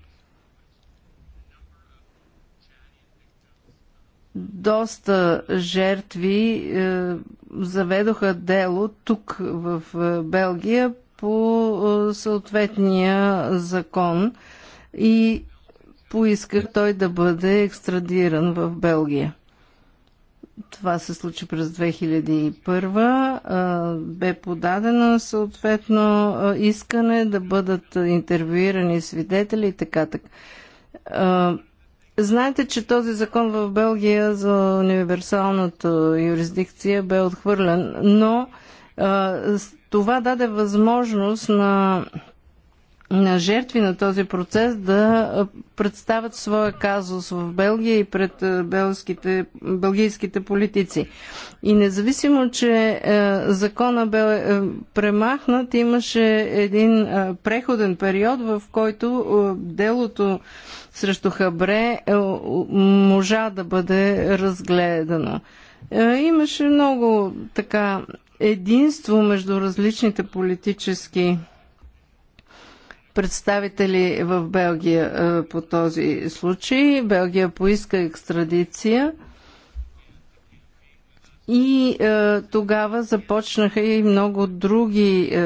Доста жертви е, заведоха дело тук в е, Белгия по е, съответния закон и поисках той да бъде екстрадиран в Белгия. Това се случи през 2001. Бе подадено съответно искане да бъдат интервюирани свидетели и така така. Знаете, че този закон в Белгия за универсалната юрисдикция бе отхвърлен, но това даде възможност на на жертви на този процес да представят своя казус в Белгия и пред белските, белгийските политици. И независимо, че е, закона бе е, премахнат, имаше един е, преходен период, в който е, делото срещу Хабре е, можа да бъде разгледано. Е, имаше много така единство между различните политически представители в Белгия по този случай. Белгия поиска екстрадиция и тогава започнаха и много други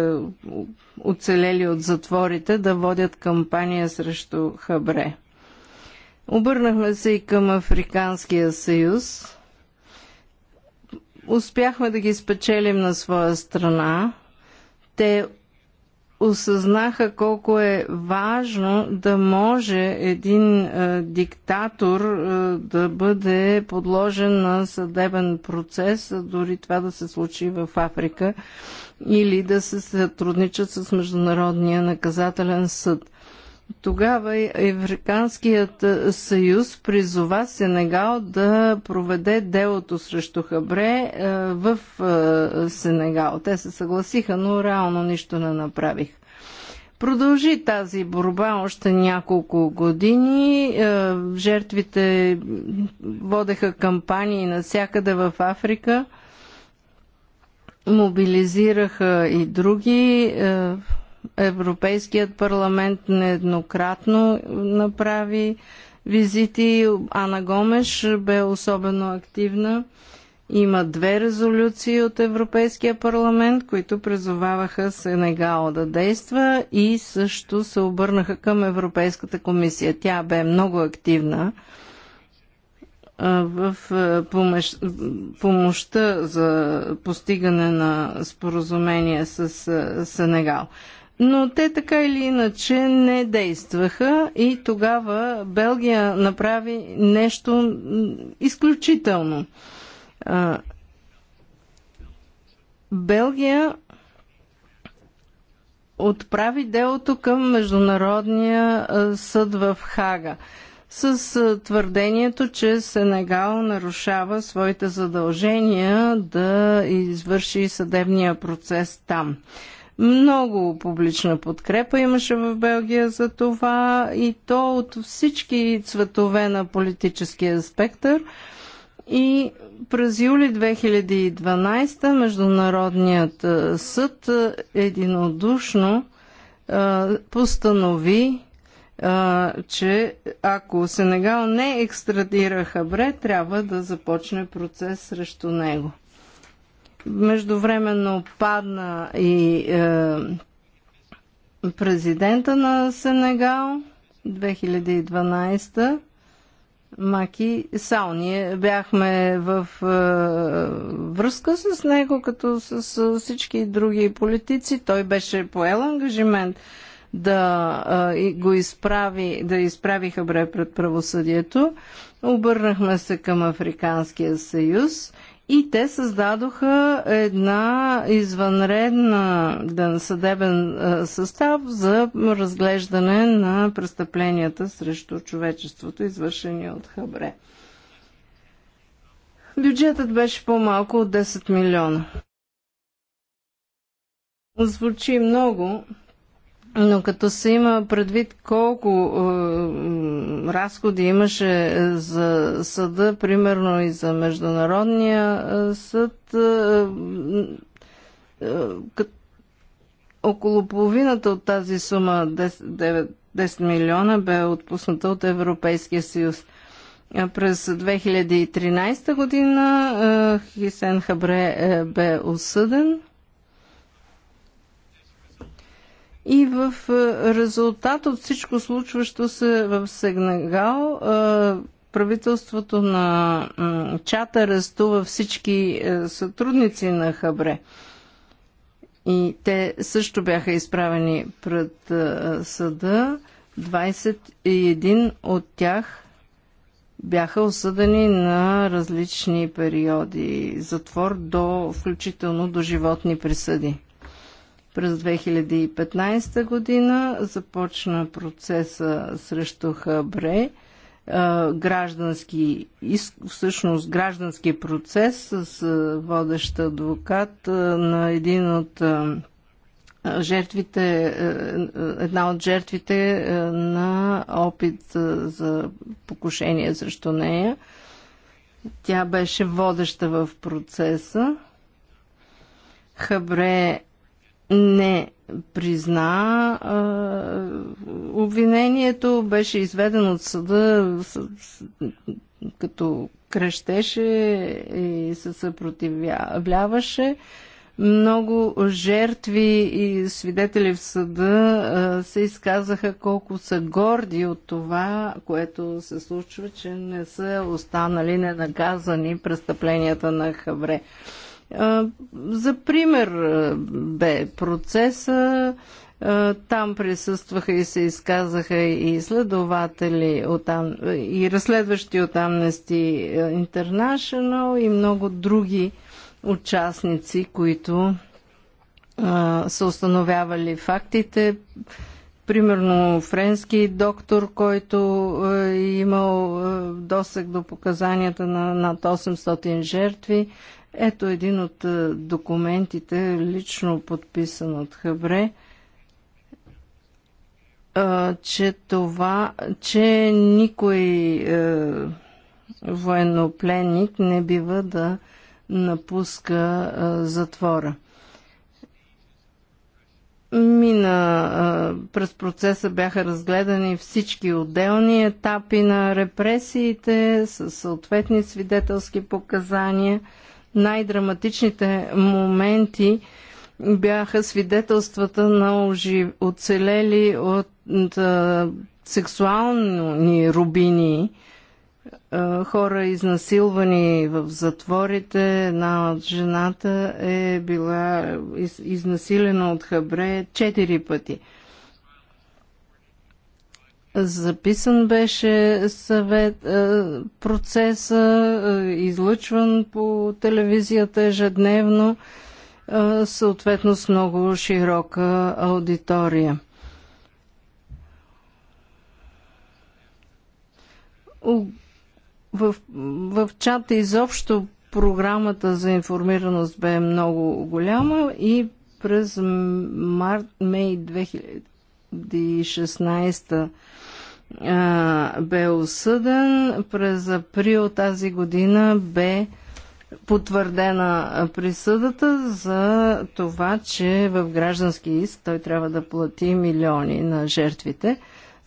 оцелели от затворите да водят кампания срещу Хабре. Обърнахме се и към Африканския съюз. Успяхме да ги спечелим на своя страна. Те осъзнаха колко е важно да може един е, диктатор е, да бъде подложен на съдебен процес, дори това да се случи в Африка или да се сътрудничат с Международния наказателен съд. Тогава Африканският съюз призова Сенегал да проведе делото срещу Хабре е, в е, Сенегал. Те се съгласиха, но реално нищо не направих. Продължи тази борба още няколко години. Е, жертвите водеха кампании навсякъде в Африка. Мобилизираха и други Европейският парламент нееднократно направи визити. Ана Гомеш бе особено активна. Има две резолюции от Европейския парламент, които призоваваха Сенегал да действа и също се обърнаха към Европейската комисия. Тя бе много активна в помощта за постигане на споразумение с Сенегал но те така или иначе не действаха и тогава Белгия направи нещо изключително. Белгия отправи делото към Международния съд в Хага с твърдението, че Сенегал нарушава своите задължения да извърши съдебния процес там. Много публична подкрепа имаше в Белгия за това и то от всички цветове на политическия спектър. И през юли 2012 Международният съд единодушно постанови, че ако Сенегал не екстрадира Хабре, трябва да започне процес срещу него. Междувременно падна и е, президента на Сенегал 2012 Маки Сал. Ние бяхме в е, връзка с него, като с, с всички други политици. Той беше поел ангажимент да е, го изправи, да изправи Хабре пред правосъдието. Обърнахме се към Африканския съюз и те създадоха една извънредна съдебен състав за разглеждане на престъпленията срещу човечеството, извършени от Хабре. Бюджетът беше по-малко от 10 милиона. Звучи много, но като се има предвид колко е, разходи имаше е, за съда, примерно и за Международния е, съд, е, е, кът, около половината от тази сума, 10, 9, 10 милиона, бе отпусната от Европейския съюз. През 2013 година е, Хисен Хабре бе осъден И в е, резултат от всичко случващо се в Сегнагал, е, правителството на Чата арестува всички е, сътрудници на Хабре. И те също бяха изправени пред съда. 21 от тях бяха осъдени на различни периоди затвор до включително до животни присъди. През 2015 година започна процеса срещу Хабре, граждански, всъщност граждански процес с водещ адвокат на един от жертвите, една от жертвите на опит за покушение срещу нея. Тя беше водеща в процеса. Хабре не призна а, обвинението, беше изведен от съда с, с, като крещеше и се съпротивляваше. Много жертви и свидетели в съда а, се изказаха колко са горди от това, което се случва, че не са останали ненаказани престъпленията на Хавре. За пример бе процеса, там присъстваха и се изказаха и следователи от, и разследващи от Amnesty International и много други участници, които а, са установявали фактите. Примерно френски доктор, който е имал досег до показанията на над 800 жертви, ето един от е, документите, лично подписан от Хабре, е, че това, че никой е, военнопленник не бива да напуска затвора мина през процеса бяха разгледани всички отделни етапи на репресиите с съответни свидетелски показания най-драматичните моменти бяха свидетелствата на ожив... оцелели от сексуални рубини, хора изнасилвани в затворите. Една от жената е била изнасилена от хабре четири пъти – Записан беше съвет, е, процеса, е, излъчван по телевизията ежедневно, е, съответно с много широка аудитория. В, в чата изобщо програмата за информираност бе много голяма и през март-мей 2016 а, бе осъден. През април тази година бе потвърдена присъдата за това, че в граждански иск той трябва да плати милиони на жертвите.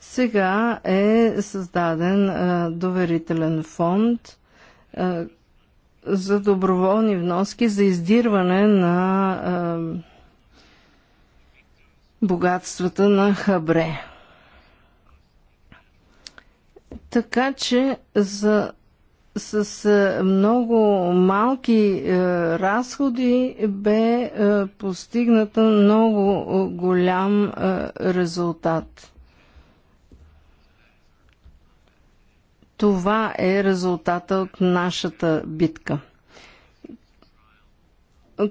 Сега е създаден а, доверителен фонд а, за доброволни вноски за издирване на а, богатствата на Хабре. Така че за, с е, много малки е, разходи бе е, постигната много е, голям е, резултат. Това е резултата от нашата битка.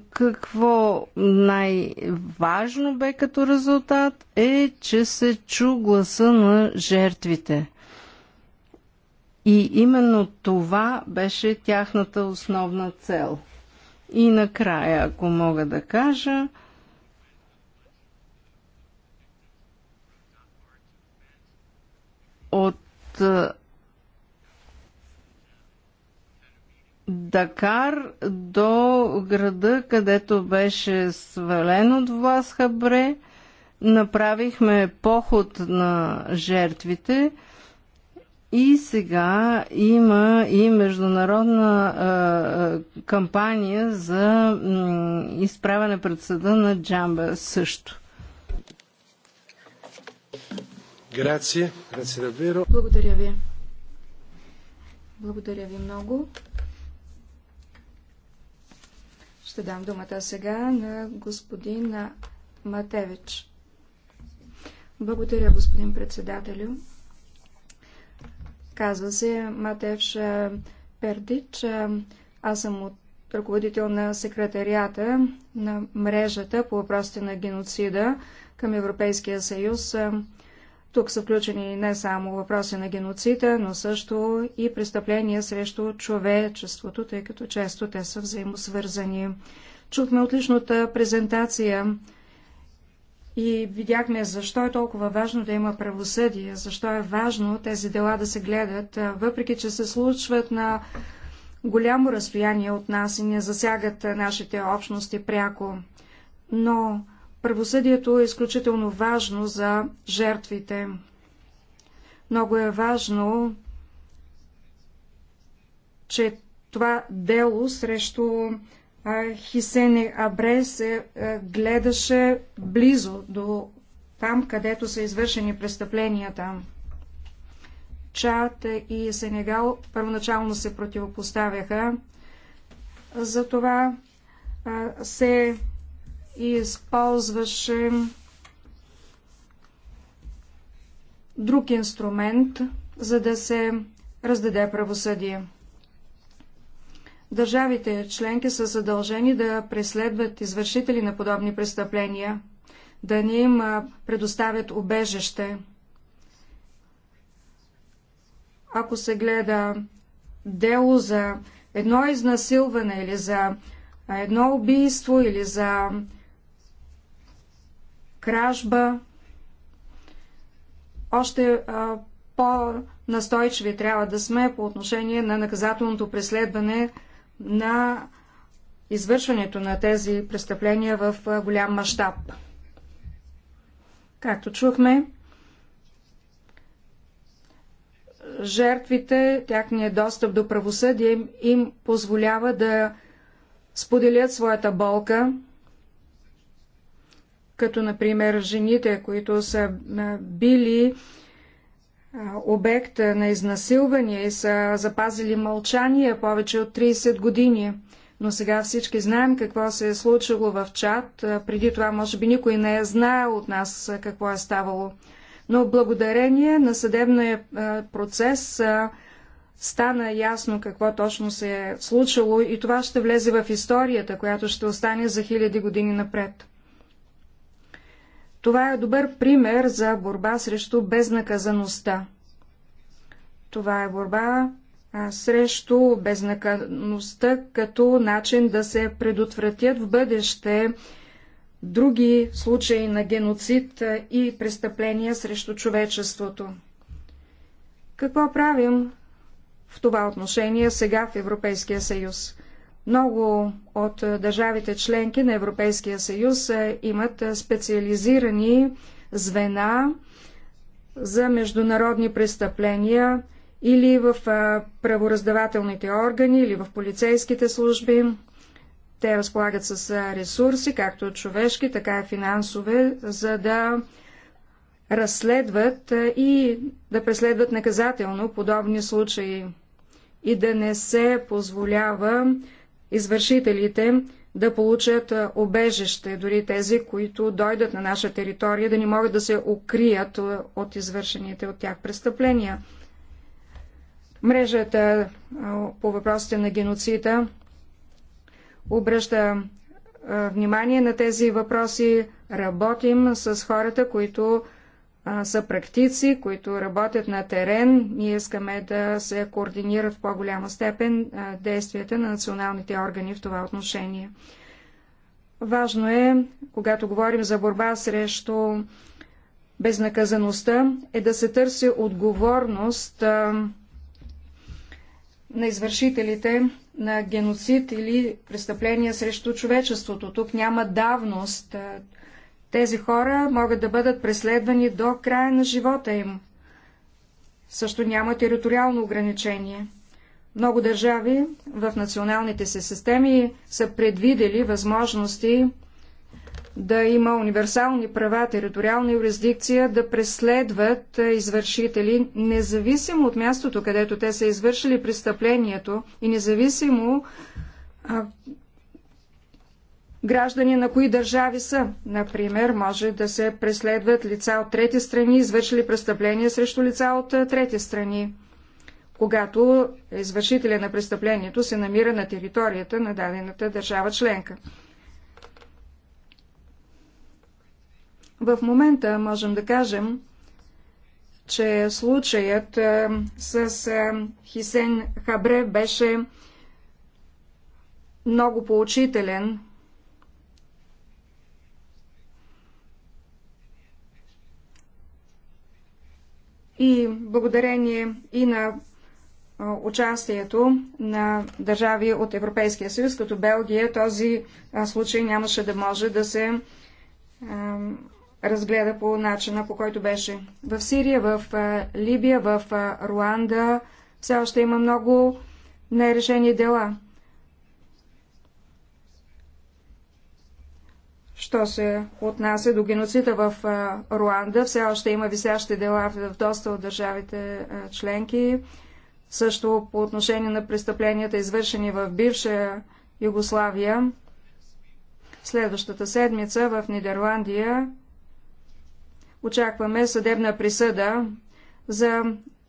Какво най-важно бе като резултат е, че се чу гласа на жертвите. И именно това беше тяхната основна цел. И накрая, ако мога да кажа, от Дакар до града, където беше свален от власт Хабре, направихме поход на жертвите – и сега има и международна а, кампания за изправяне пред съда на Джамба също. Грация, грация Благодаря ви. Благодаря ви много. Ще дам думата сега на господин Матевич. Благодаря, господин председателю. Казва се Матеш Пердич. Аз съм от ръководител на секретарията на мрежата по въпросите на геноцида към Европейския съюз. Тук са включени не само въпроси на геноцида, но също и престъпления срещу човечеството, тъй като често те са взаимосвързани. Чухме отличната презентация и видяхме защо е толкова важно да има правосъдие, защо е важно тези дела да се гледат, въпреки че се случват на голямо разстояние от нас и не засягат нашите общности пряко. Но правосъдието е изключително важно за жертвите. Много е важно, че това дело срещу Хисене Абре се е, гледаше близо до там, където са извършени престъпленията. Чад и Сенегал първоначално се противопоставяха. Затова се използваше друг инструмент, за да се раздаде правосъдие. Държавите членки са задължени да преследват извършители на подобни престъпления, да не им предоставят убежище. Ако се гледа дело за едно изнасилване или за едно убийство или за кражба, още по-настойчиви трябва да сме по отношение на наказателното преследване на извършването на тези престъпления в голям мащаб. Както чухме, жертвите, тяхният достъп до правосъдие им позволява да споделят своята болка, като например жените, които са били обект на изнасилвания и са запазили мълчание повече от 30 години. Но сега всички знаем какво се е случило в чат. Преди това, може би, никой не е знаел от нас какво е ставало. Но благодарение на съдебния процес стана ясно какво точно се е случило и това ще влезе в историята, която ще остане за хиляди години напред. Това е добър пример за борба срещу безнаказаността. Това е борба а, срещу безнаказаността като начин да се предотвратят в бъдеще други случаи на геноцид и престъпления срещу човечеството. Какво правим в това отношение сега в Европейския съюз? Много от е, държавите членки на Европейския съюз е, имат е, специализирани звена за международни престъпления или в правораздавателните органи, или в полицейските служби. Те разполагат с ресурси, както човешки, така и финансове, за да разследват и да преследват наказателно подобни случаи и да не се позволява извършителите да получат обежище, дори тези, които дойдат на наша територия, да не могат да се укрият от извършените от тях престъпления. Мрежата по въпросите на геноцида обръща внимание на тези въпроси. Работим с хората, които са практици, които работят на терен. Ние искаме да се координират в по-голяма степен действията на националните органи в това отношение. Важно е, когато говорим за борба срещу безнаказаността, е да се търси отговорност на извършителите на геноцид или престъпления срещу човечеството. Тук няма давност. Тези хора могат да бъдат преследвани до края на живота им. Също няма териториално ограничение. Много държави в националните си системи са предвидели възможности да има универсални права, териториална юрисдикция, да преследват извършители, независимо от мястото, където те са извършили престъплението и независимо граждани на кои държави са. Например, може да се преследват лица от трети страни, извършили престъпления срещу лица от трети страни, когато извършителя на престъплението се намира на територията на дадената държава членка. В момента можем да кажем, че случаят с Хисен Хабре беше много поучителен и благодарение и на участието на държави от Европейския съюз, като Белгия, този случай нямаше да може да се разгледа по начина, по който беше. В Сирия, в Либия, в Руанда все още има много нерешени дела. Що се отнася до геноцида в Руанда, все още има висящи дела в доста от държавите членки. Също по отношение на престъпленията, извършени в бивша Югославия, следващата седмица в Нидерландия очакваме съдебна присъда за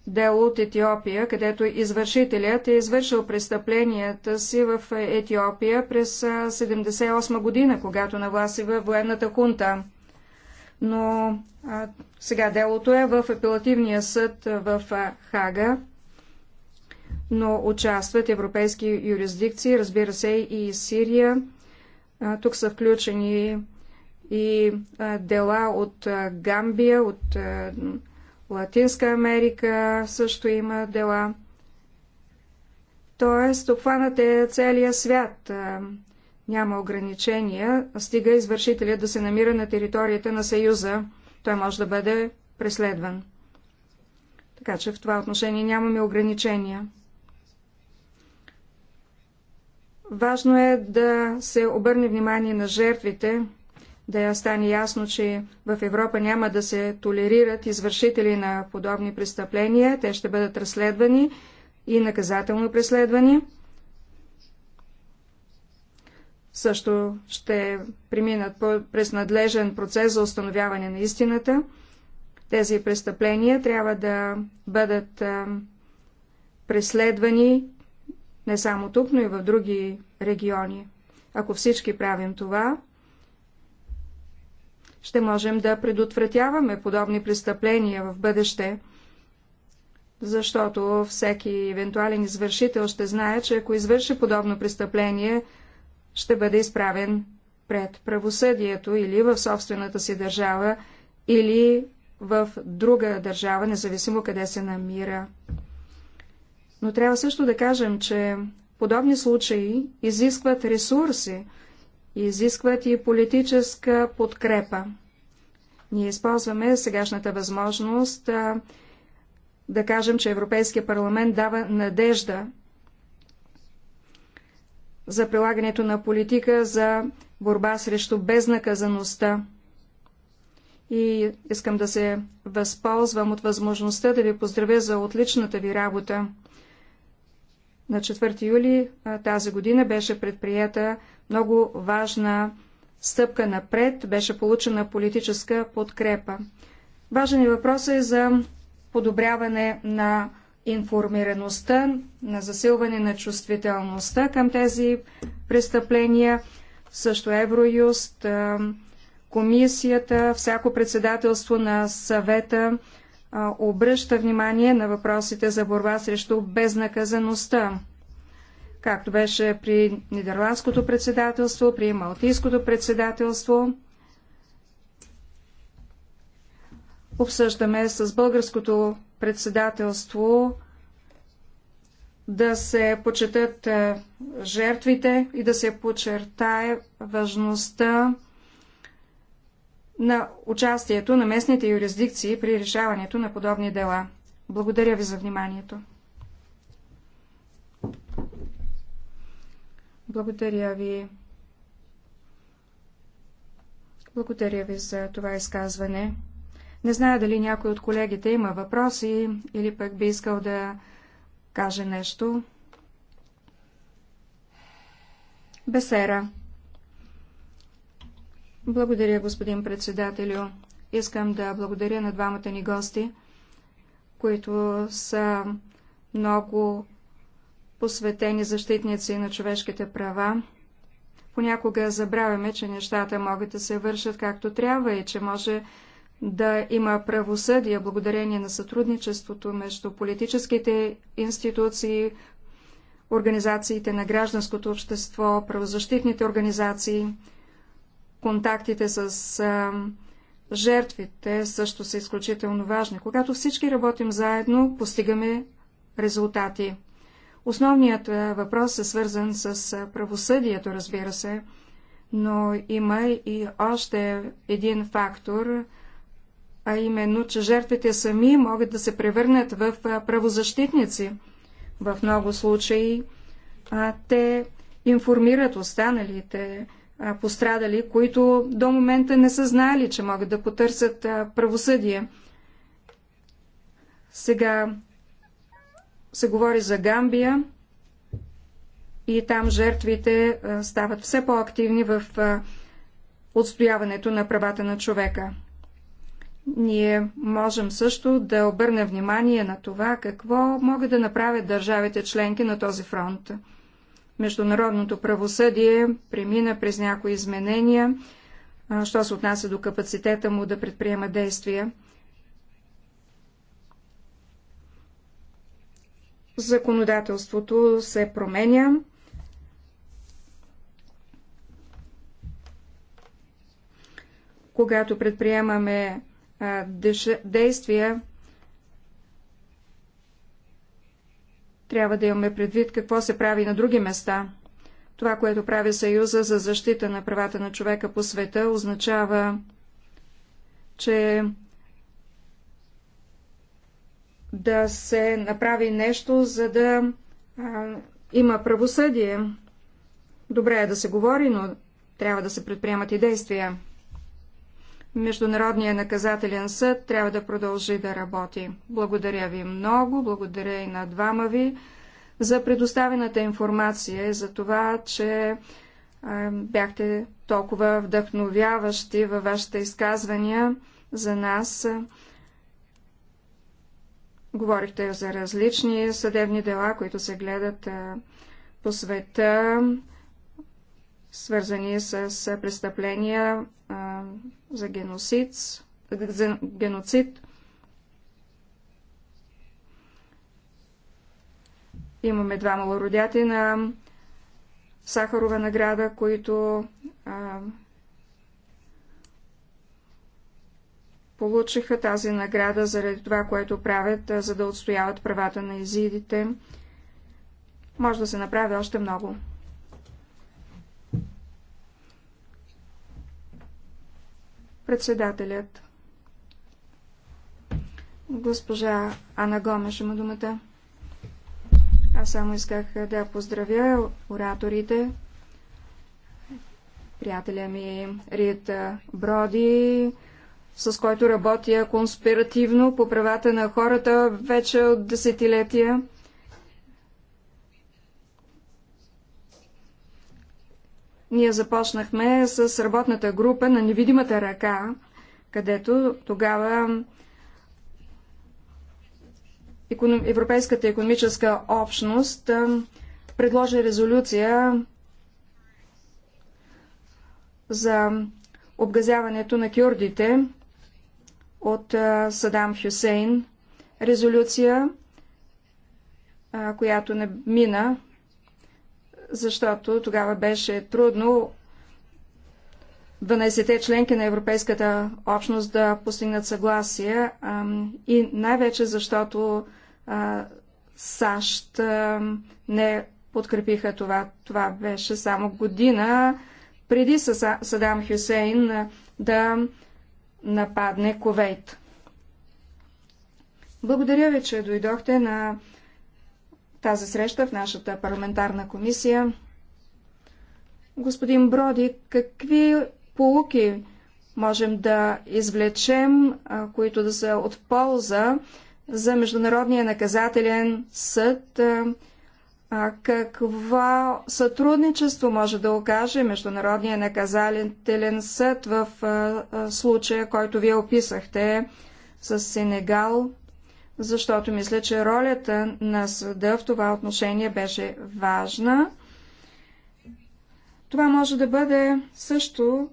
дело от Етиопия, където извършителят е извършил престъпленията си в Етиопия през 1978 година, когато навласи във военната хунта. Но а, сега делото е в апелативния съд в Хага, но участват европейски юрисдикции, разбира се и Сирия. А, тук са включени и а, дела от а, Гамбия, от а, Латинска Америка също има дела. Тоест, обхванат е целия свят. Е, няма ограничения, стига извършителят да се намира на територията на Съюза. Той може да бъде преследван. Така че в това отношение нямаме ограничения. Важно е да се обърне внимание на жертвите, да стане ясно, че в Европа няма да се толерират извършители на подобни престъпления. Те ще бъдат разследвани и наказателно преследвани. Също ще преминат през надлежен процес за установяване на истината. Тези престъпления трябва да бъдат преследвани не само тук, но и в други региони. Ако всички правим това, ще можем да предотвратяваме подобни престъпления в бъдеще, защото всеки евентуален извършител ще знае, че ако извърши подобно престъпление, ще бъде изправен пред правосъдието или в собствената си държава, или в друга държава, независимо къде се намира. Но трябва също да кажем, че подобни случаи изискват ресурси, изискват и политическа подкрепа. Ние използваме сегашната възможност а, да кажем, че Европейския парламент дава надежда за прилагането на политика за борба срещу безнаказаността. И искам да се възползвам от възможността да ви поздравя за отличната ви работа. На 4 юли тази година беше предприета. Много важна стъпка напред беше получена политическа подкрепа. Важен е въпросът е за подобряване на информираността, на засилване на чувствителността към тези престъпления, също Евроюст, комисията, всяко председателство на съвета обръща внимание на въпросите за борба срещу безнаказаността както беше при Нидерландското председателство, при Малтийското председателство. Обсъждаме с българското председателство да се почетат е, жертвите и да се почертае важността на участието на местните юрисдикции при решаването на подобни дела. Благодаря ви за вниманието. Благодаря ви. Благодаря ви за това изказване. Не зная дали някой от колегите има въпроси или пък би искал да каже нещо. Бесера. Благодаря, господин председателю. Искам да благодаря на двамата ни гости, които са много посветени защитници на човешките права. Понякога забравяме, че нещата могат да се вършат както трябва и че може да има правосъдие благодарение на сътрудничеството между политическите институции, организациите на гражданското общество, правозащитните организации, контактите с а, жертвите също са изключително важни. Когато всички работим заедно, постигаме резултати. Основният е, въпрос е свързан с е, правосъдието, разбира се, но има и още един фактор, а именно, че жертвите сами могат да се превърнат в е, правозащитници. В много случаи а, те информират останалите а, пострадали, които до момента не са знали, че могат да потърсят а, правосъдие. Сега се говори за Гамбия и там жертвите стават все по-активни в отстояването на правата на човека. Ние можем също да обърнем внимание на това, какво могат да направят държавите членки на този фронт. Международното правосъдие премина през някои изменения, що се отнася до капацитета му да предприема действия. законодателството се променя. Когато предприемаме действия, трябва да имаме предвид какво се прави на други места. Това, което прави Съюза за защита на правата на човека по света, означава, че да се направи нещо, за да а, има правосъдие. Добре е да се говори, но трябва да се предприемат и действия. Международният наказателен съд трябва да продължи да работи. Благодаря ви много, благодаря и на двама ви за предоставената информация и за това, че а, бяхте толкова вдъхновяващи във вашите изказвания за нас. Говорихте за различни съдебни дела, които се гледат по света, свързани с престъпления за геноцид. За геноцид. Имаме два малородяти на Сахарова награда, които получиха тази награда заради това, което правят, за да отстояват правата на езидите. Може да се направи още много. Председателят. Госпожа Ана Гомеш има думата. Аз само исках да поздравя ораторите, приятеля ми е Рита Броди, с който работя конспиративно по правата на хората вече от десетилетия. Ние започнахме с работната група на невидимата ръка, където тогава Европейската економическа общност предложи резолюция за обгазяването на кюрдите от Садам Хюсейн резолюция, която не мина, защото тогава беше трудно 12-те членки на Европейската общност да постигнат съгласие и най-вече защото САЩ не подкрепиха това. Това беше само година преди Садам Хюсейн да нападне Ковейт. Благодаря ви, че дойдохте на тази среща в нашата парламентарна комисия. Господин Броди, какви полуки можем да извлечем, които да са от полза за Международния наказателен съд а какво сътрудничество може да окаже Международния наказателен съд в а, а, случая, който вие описахте с Сенегал? Защото мисля, че ролята на съда в това отношение беше важна. Това може да бъде също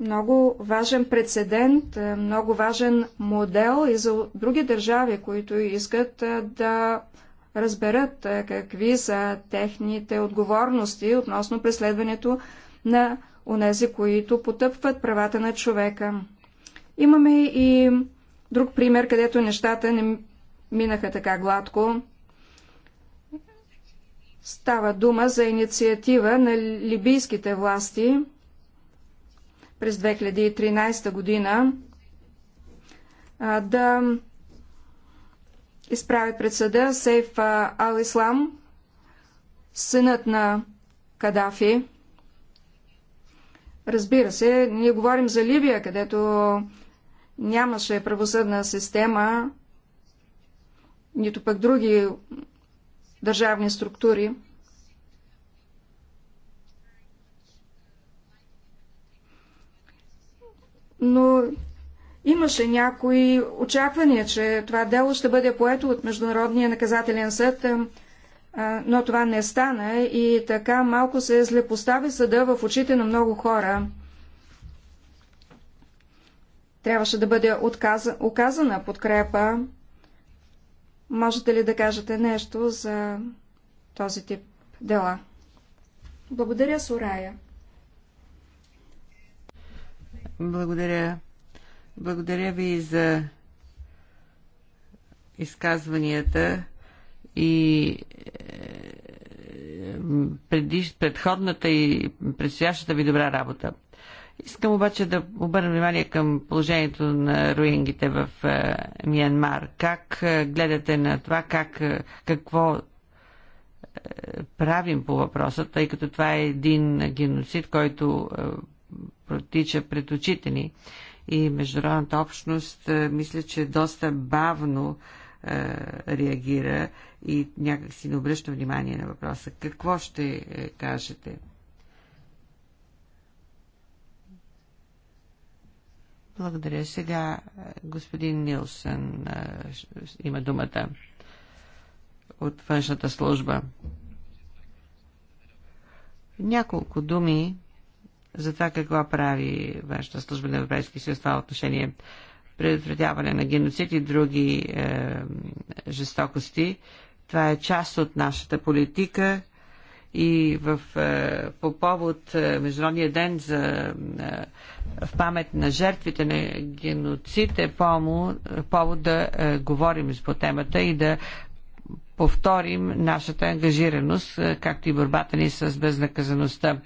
много важен прецедент, много важен модел и за други държави, които искат да разберат е, какви са техните отговорности относно преследването на онези, които потъпват правата на човека. Имаме и друг пример, където нещата не минаха така гладко. Става дума за инициатива на либийските власти през 2013 година да изправи пред съда Сейф Ал-Ислам, синът на Кадафи. Разбира се, ние говорим за Либия, където нямаше правосъдна система, нито пък други държавни структури. Но Имаше някои очаквания, че това дело ще бъде поето от Международния наказателен съд, но това не стана и така малко се злепостави съда в очите на много хора. Трябваше да бъде отказа, оказана подкрепа. Можете ли да кажете нещо за този тип дела? Благодаря, Сурая. Благодаря, благодаря ви за изказванията и е, предиш, предходната и предстоящата ви добра работа. Искам обаче да обърна внимание към положението на руингите в е, Миянмар. Как е, гледате на това, как, какво правим по въпроса, тъй като това е един геноцид, който протича пред очите ни и международната общност, е, мисля, че доста бавно е, реагира и някакси не обръща внимание на въпроса. Какво ще е, кажете? Благодаря. Сега господин Нилсън има думата от външната служба. Няколко думи за това какво прави вашата служба на Европейския съюз това отношение предотвратяване на геноцид и други е, жестокости. Това е част от нашата политика и в, е, по повод е, Международния ден за, е, в памет на жертвите на геноцид е помо, е, повод да е, говорим по темата и да повторим нашата ангажираност, е, както и борбата ни с безнаказаността.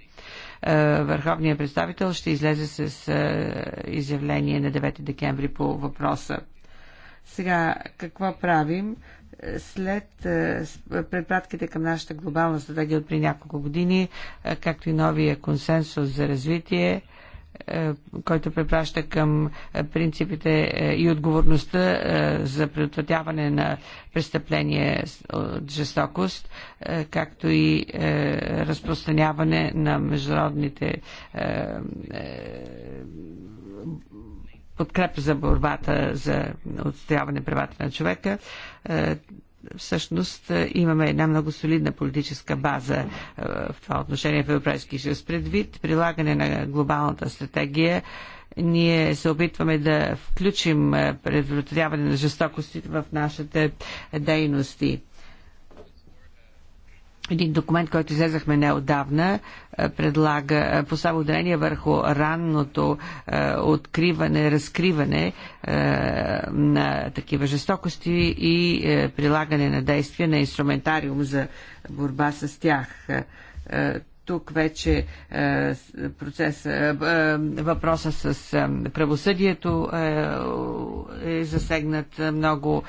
Е, върховният представител ще излезе с е, изявление на 9 декември по въпроса. Сега, какво правим? След е, препратките към нашата глобална стратегия от при няколко години, както и новия консенсус за развитие, е, който препраща към е, принципите е, и отговорността за предотвратяване на престъпление от жестокост, както и разпространяване на международните подкрепа за борбата за отстояване правата на човека всъщност е, имаме една много солидна политическа база е, в това отношение в Европейския съюз. Предвид прилагане на глобалната стратегия, ние се опитваме да включим е, предотвратяване на жестокости в нашите дейности един документ, който излезахме неодавна, е, предлага, е, поставя ударение върху ранното е, откриване, разкриване на такива жестокости и прилагане на действия на инструментариум за борба с тях. Тук вече е, процес, е, е, въпроса с правосъдието е засегнат много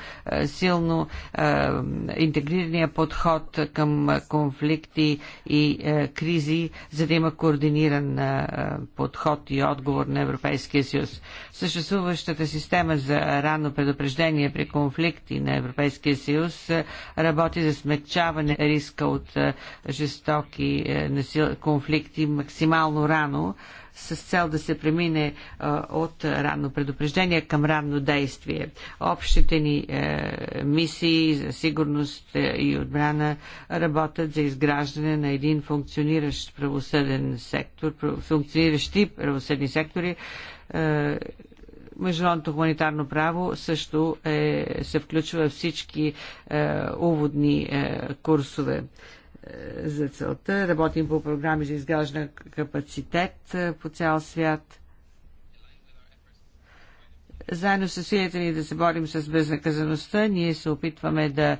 силно. Интегрирания подход към конфликти и кризи, за да има координиран подход и отговор на Европейския съюз. Съществуващата система за ранно предупреждение при конфликти на Европейския съюз работи за смягчаване риска от жестоки насилия конфликти максимално рано, с цел да се премине от ранно предупреждение към ранно действие. Общите ни е, мисии за сигурност е, и отбрана работят за изграждане на един функциониращ правосъден сектор, функциониращи правосъдни сектори, е, международното хуманитарно право също е, се включва в всички е, уводни е, курсове за целта. Работим по програми за изграждане капацитет по цял свят. Заедно с усилията ни да се борим с безнаказаността, ние се опитваме да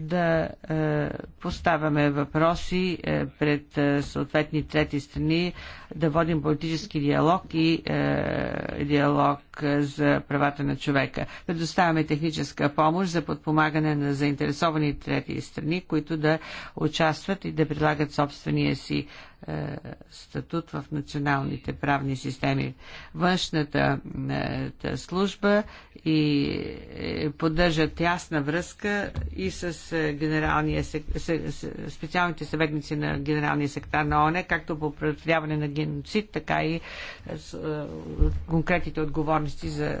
да е, поставяме въпроси е, пред е, съответни трети страни, да водим политически диалог и е, диалог е, за правата на човека. Предоставяме техническа помощ за подпомагане на заинтересовани трети страни, които да участват и да предлагат собствения си е, е, статут в националните правни системи. Външната е, служба и е, поддържа тясна връзка и с генералния, специалните съветници на генералния секретар на ОНЕ, както по предотвратяване на геноцид, така и с конкретните отговорности за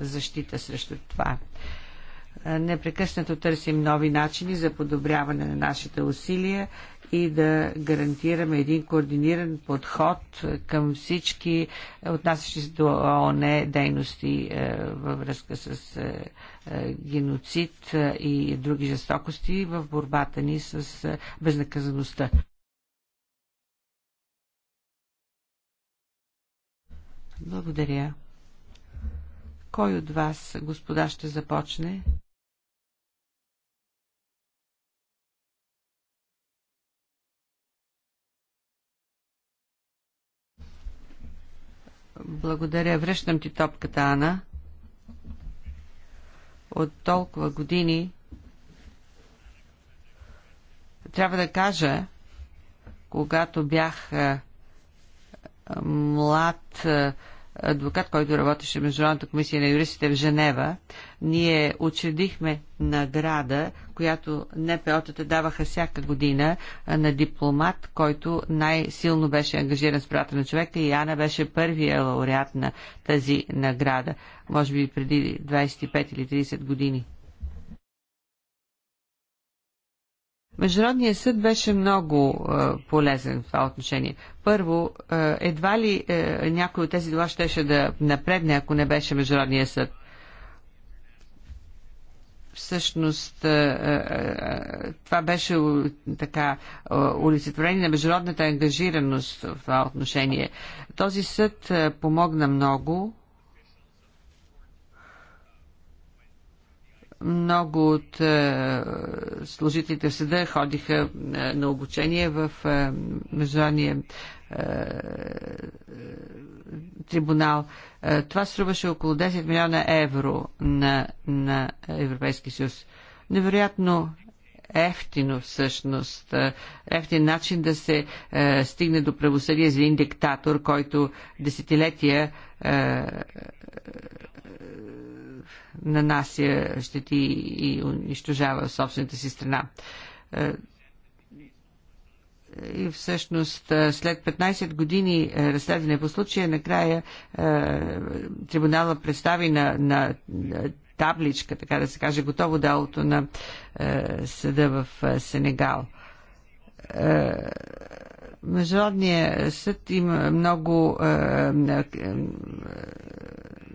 защита срещу това. Непрекъснато търсим нови начини за подобряване на нашите усилия и да гарантираме един координиран подход към всички е, отнасящи се до ООН дейности е, във връзка с е, геноцид и други жестокости в борбата ни с безнаказаността. Благодаря. Кой от вас, господа, ще започне? Благодаря. Връщам ти топката, Ана. От толкова години трябва да кажа, когато бях млад, адвокат, който работеше в Международната комисия на юристите в Женева, ние учредихме награда, която НПО-тата даваха всяка година на дипломат, който най-силно беше ангажиран с правата на човека и Ана беше първия лауреат на тази награда, може би преди 25 или 30 години. Международният съд беше много е, полезен в това отношение. Първо, е, едва ли е, някой от тези дела щеше да напредне, ако не беше Международният съд. Всъщност, е, е, това беше така олицетворение на международната ангажираност в това отношение. Този съд е, помогна много Много от е, служителите в съда ходиха е, на обучение в е, Международния трибунал. Това струваше около 10 милиона евро на, на Европейския съюз. Невероятно ефтино всъщност, ефтин начин да се е, стигне до правосъдие за един диктатор, който десетилетия е, нанася щети и унищожава собствената си страна. Е, и всъщност е, след 15 години е, разследване по случая, накрая трибунала представи на, на табличка, така да се каже, готово делото на съда в Сенегал. Международният съд има много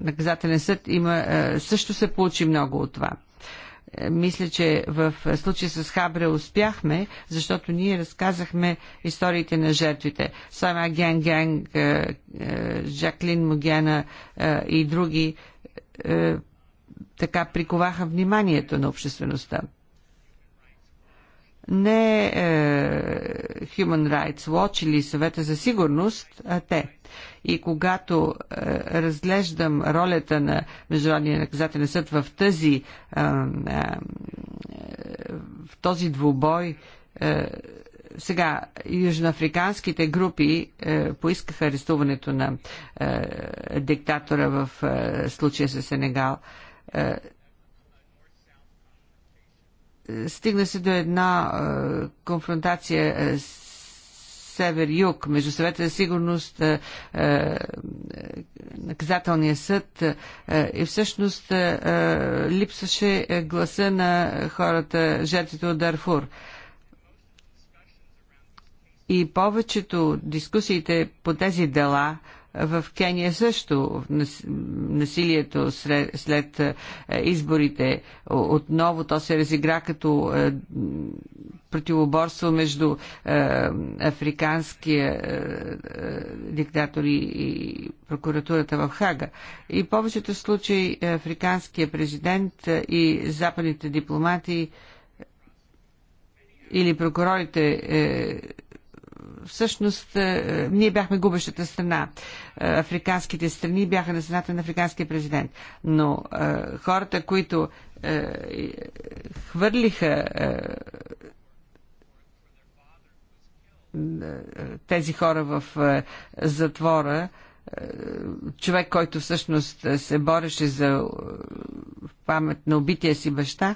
наказателен съд има, е, също се получи много от това. Е, мисля, че в случая с Хабре успяхме, защото ние разказахме историите на жертвите. Сама Ген Генг, е, Жаклин Могена и други така приковаха вниманието на обществеността не е, Human Rights Watch или съвета за сигурност, а те. И когато е, разглеждам ролята на Международния наказателен съд в тази е, е, в този двубой е, сега, южноафриканските групи е, поискаха арестуването на е, диктатора в е, случая с Сенегал. Е, стигна се до една а, конфронтация север-юг между съвета за сигурност, а, а, наказателния съд а, и всъщност а, липсваше гласа на хората, жертвите от Дарфур. И повечето дискусиите по тези дела а, в Кения също насилието след, след е, изборите отново то се разигра като е, противоборство между е, африканския диктатор и прокуратурата в Хага. И повечето случаи африканския президент и западните дипломати или прокурорите всъщност е, ние бяхме губещата страна. Е, африканските страни бяха на страната на африканския президент. Но е, хората, които хвърлиха тези хора в затвора, човек, който всъщност се бореше за памет на убития си баща,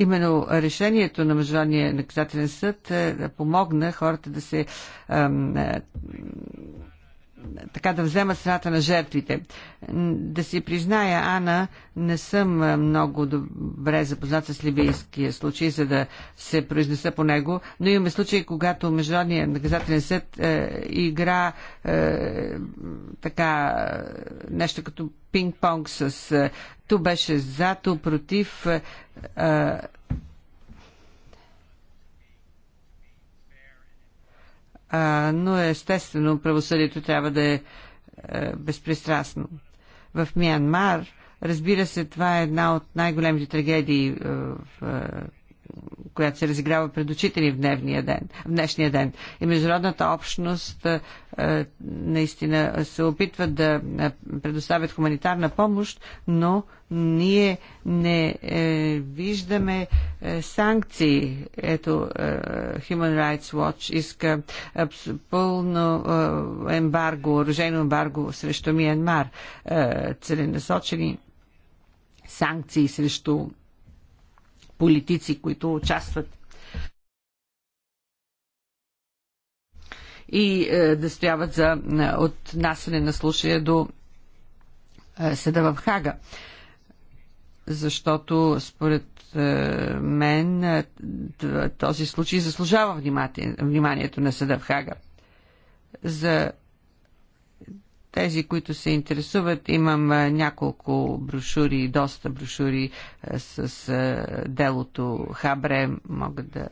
именно решението на Международния наказателен съд е да помогна хората да се ам, е, така да взема страната на жертвите. Да си призная, Ана, не съм много добре запознат с либийския случай, за да се произнеса по него, но имаме случаи, когато Международният наказателен съд е, игра е, така нещо като пинг-понг с е, ту беше за, ту против. Е, е а, но естествено правосъдието трябва да е а, е, безпристрастно. В Миянмар, разбира се, това е една от най-големите трагедии е, в е, която се разиграва пред очите ни в, дневния ден, в днешния ден. И международната общност наистина се опитват да предоставят хуманитарна помощ, но ние не е, виждаме е, санкции. Ето, е, Human Rights Watch иска е, пълно е, ембарго, оръжейно ембарго срещу Миянмар, е, целенасочени санкции срещу политици, които участват. И е, да стояват за е, отнасяне на случая до е, Седа в Хага. Защото според мен този случай заслужава вниманието на Седа в Хага. За тези, които се интересуват, имам няколко брошури, доста брошури с делото Хабре, могат да,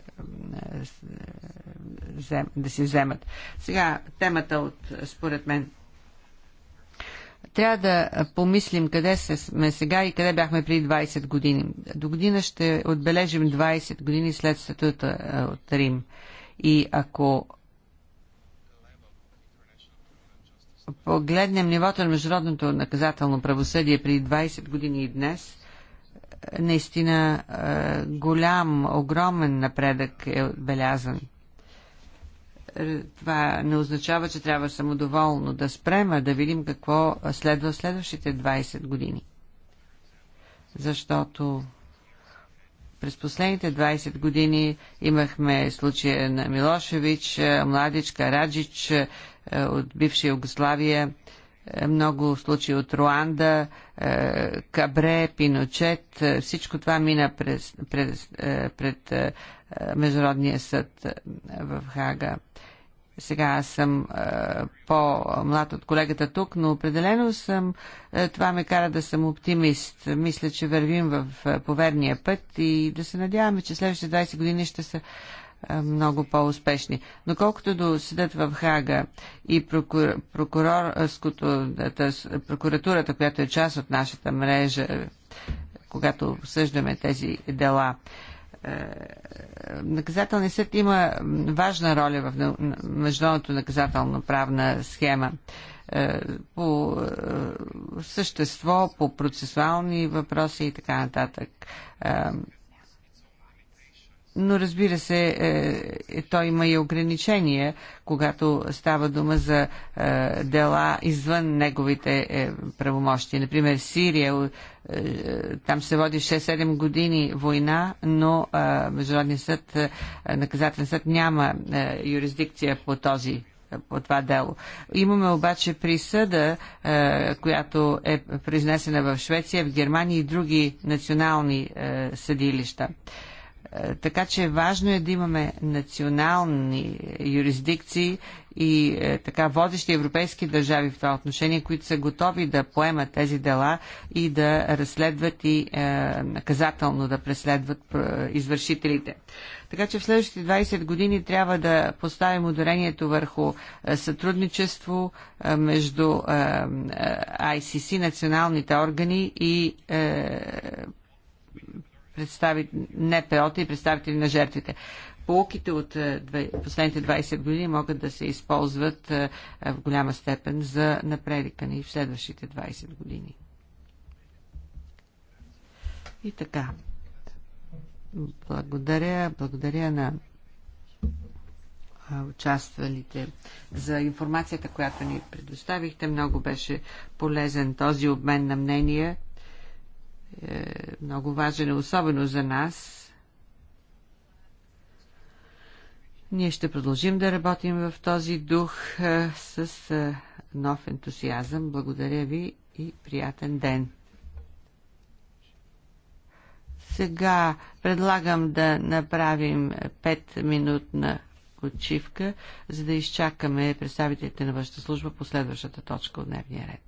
да си вземат. Сега темата от, според мен, трябва да помислим къде сме сега и къде бяхме преди 20 години. До година ще отбележим 20 години след статута от Рим. И ако погледнем нивото на международното наказателно правосъдие при 20 години и днес, наистина е, голям, огромен напредък е отбелязан. Това не означава, че трябва самодоволно да спрем, а да видим какво следва следващите 20 години. Защото през последните 20 години имахме случая на Милошевич, Младичка, Раджич е, от бивша Югославия, е, много случаи от Руанда, е, Кабре, Пиночет. Всичко това мина през, през, пред Международния съд в Хага. Сега аз съм е, по-млад от колегата тук, но определено съм. Е, това ме кара да съм оптимист. Мисля, че вървим в е, поверния път и да се надяваме, че следващите 20 години ще са е, много по-успешни. Но колкото до съдът в Хага и прокурор, е, е, прокуратурата, която е част от нашата мрежа, когато обсъждаме тези дела, е, наказателният съд има важна роля в международното наказателно правна схема. Е, по е, същество, по процесуални въпроси и така нататък но разбира се, е, е той има и ограничения, когато става дума за е, дела извън неговите е, правомощи. Например, Сирия, е, е, там се води 6-7 години война, но е, Международният съд, е, наказателен съд няма е, юрисдикция по този е, по това дело. Имаме обаче присъда, която е произнесена в Швеция, в Германия и други национални съдилища. Е, така че важно е да имаме национални юрисдикции и е, така водещи европейски държави в това отношение, които са готови да поемат тези дела и да разследват и е, наказателно да преследват е, извършителите. Така че в следващите 20 години трябва да поставим ударението върху сътрудничество между ICC, националните органи и представители, НПО-та и представители на жертвите. Полуките от е, последните 20 години могат да се използват е, в голяма степен за напредикане и в следващите 20 години. И така. Благодаря, благодаря на участвалите за информацията, която ни предоставихте. Много беше полезен този обмен на мнения е много важен, особено за нас. Ние ще продължим да работим в този дух е, с е, нов ентусиазъм. Благодаря ви и приятен ден! Сега предлагам да направим 5-минутна почивка, за да изчакаме представителите на вашата служба по следващата точка от дневния ред.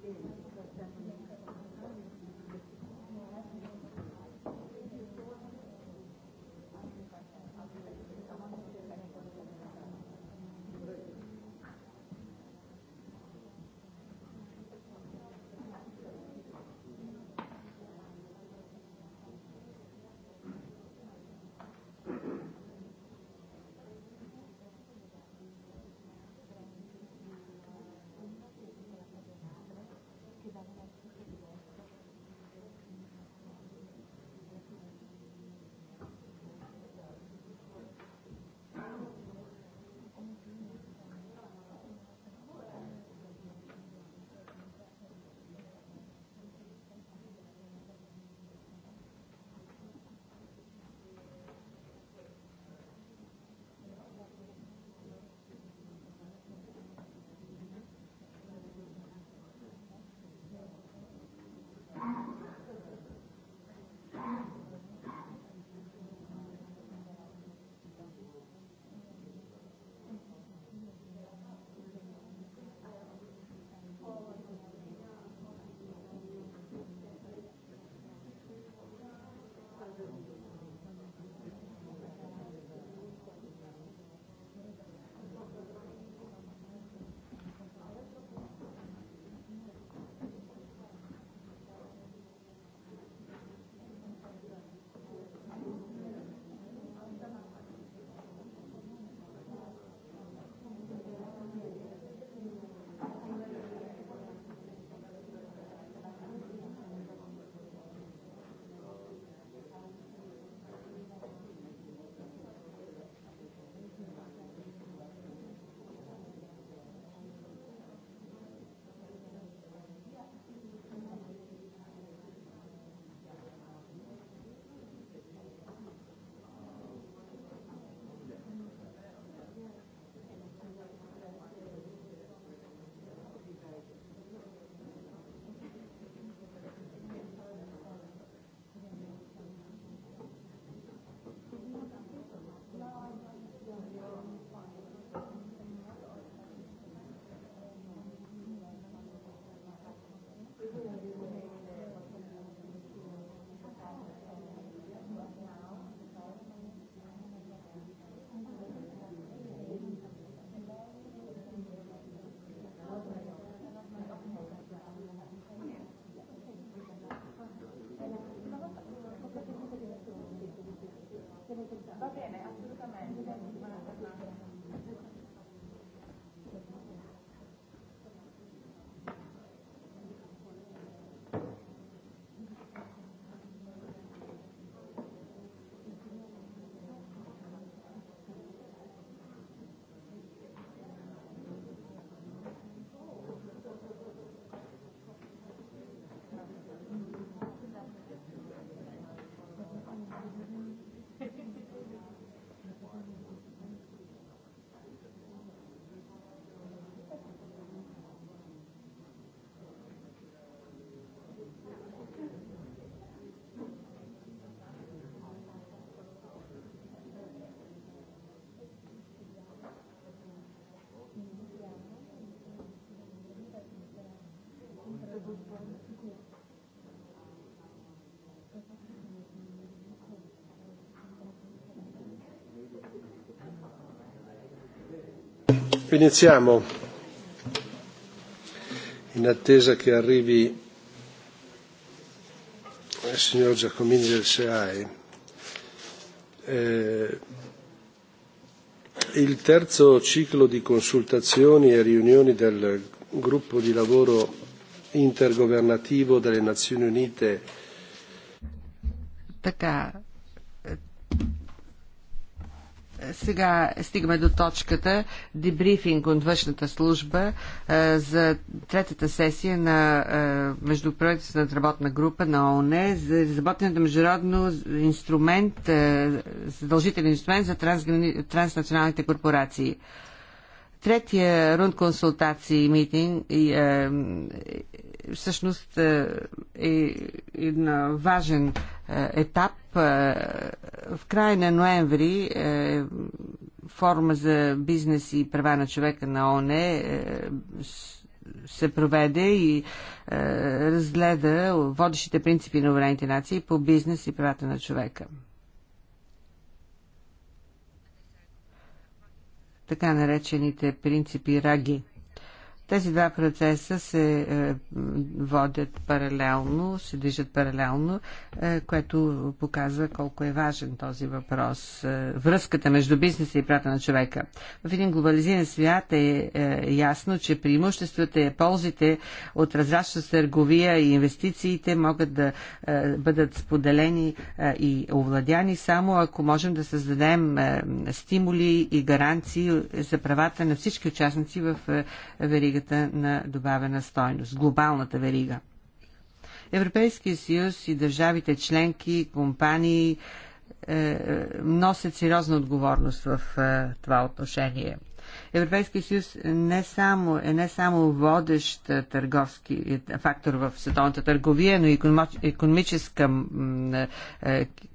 Thank you. Iniziamo. In attesa che arrivi il signor Giacomini del SEAE, eh, il terzo ciclo di consultazioni e riunioni del gruppo di lavoro intergovernativo delle Nazioni Unite. Така, Сега стигаме до точката дебрифинг от външната служба е, за третата сесия на е, междуправителствената работна група на ООН за изработването на международно инструмент, е, задължителен инструмент за трансграни... транснационалните корпорации. Третия рунд консултации митинг е, всъщност е, е един важен е, етап. Е, в края на ноември форма за бизнес и права на човека на ОНЕ се проведе и разгледа водещите принципи на Обединените нации по бизнес и правата на човека. Така наречените принципи РАГИ – тези два процеса се е, водят паралелно, се движат паралелно, е, което показва колко е важен този въпрос. Е, връзката между бизнеса и прата на човека. В един глобализиран свят е ясно, че преимуществата и ползите от разрастваща търговия и инвестициите могат да бъдат споделени и овладяни само ако можем да създадем стимули и гаранции за правата на всички участници в веригата веригата на добавена стойност, глобалната верига. Европейския съюз и държавите членки, компании е, е носят сериозна отговорност в е, това отношение – Европейския съюз не само, е не само водещ търговски е, фактор в световната търговия, но и економическа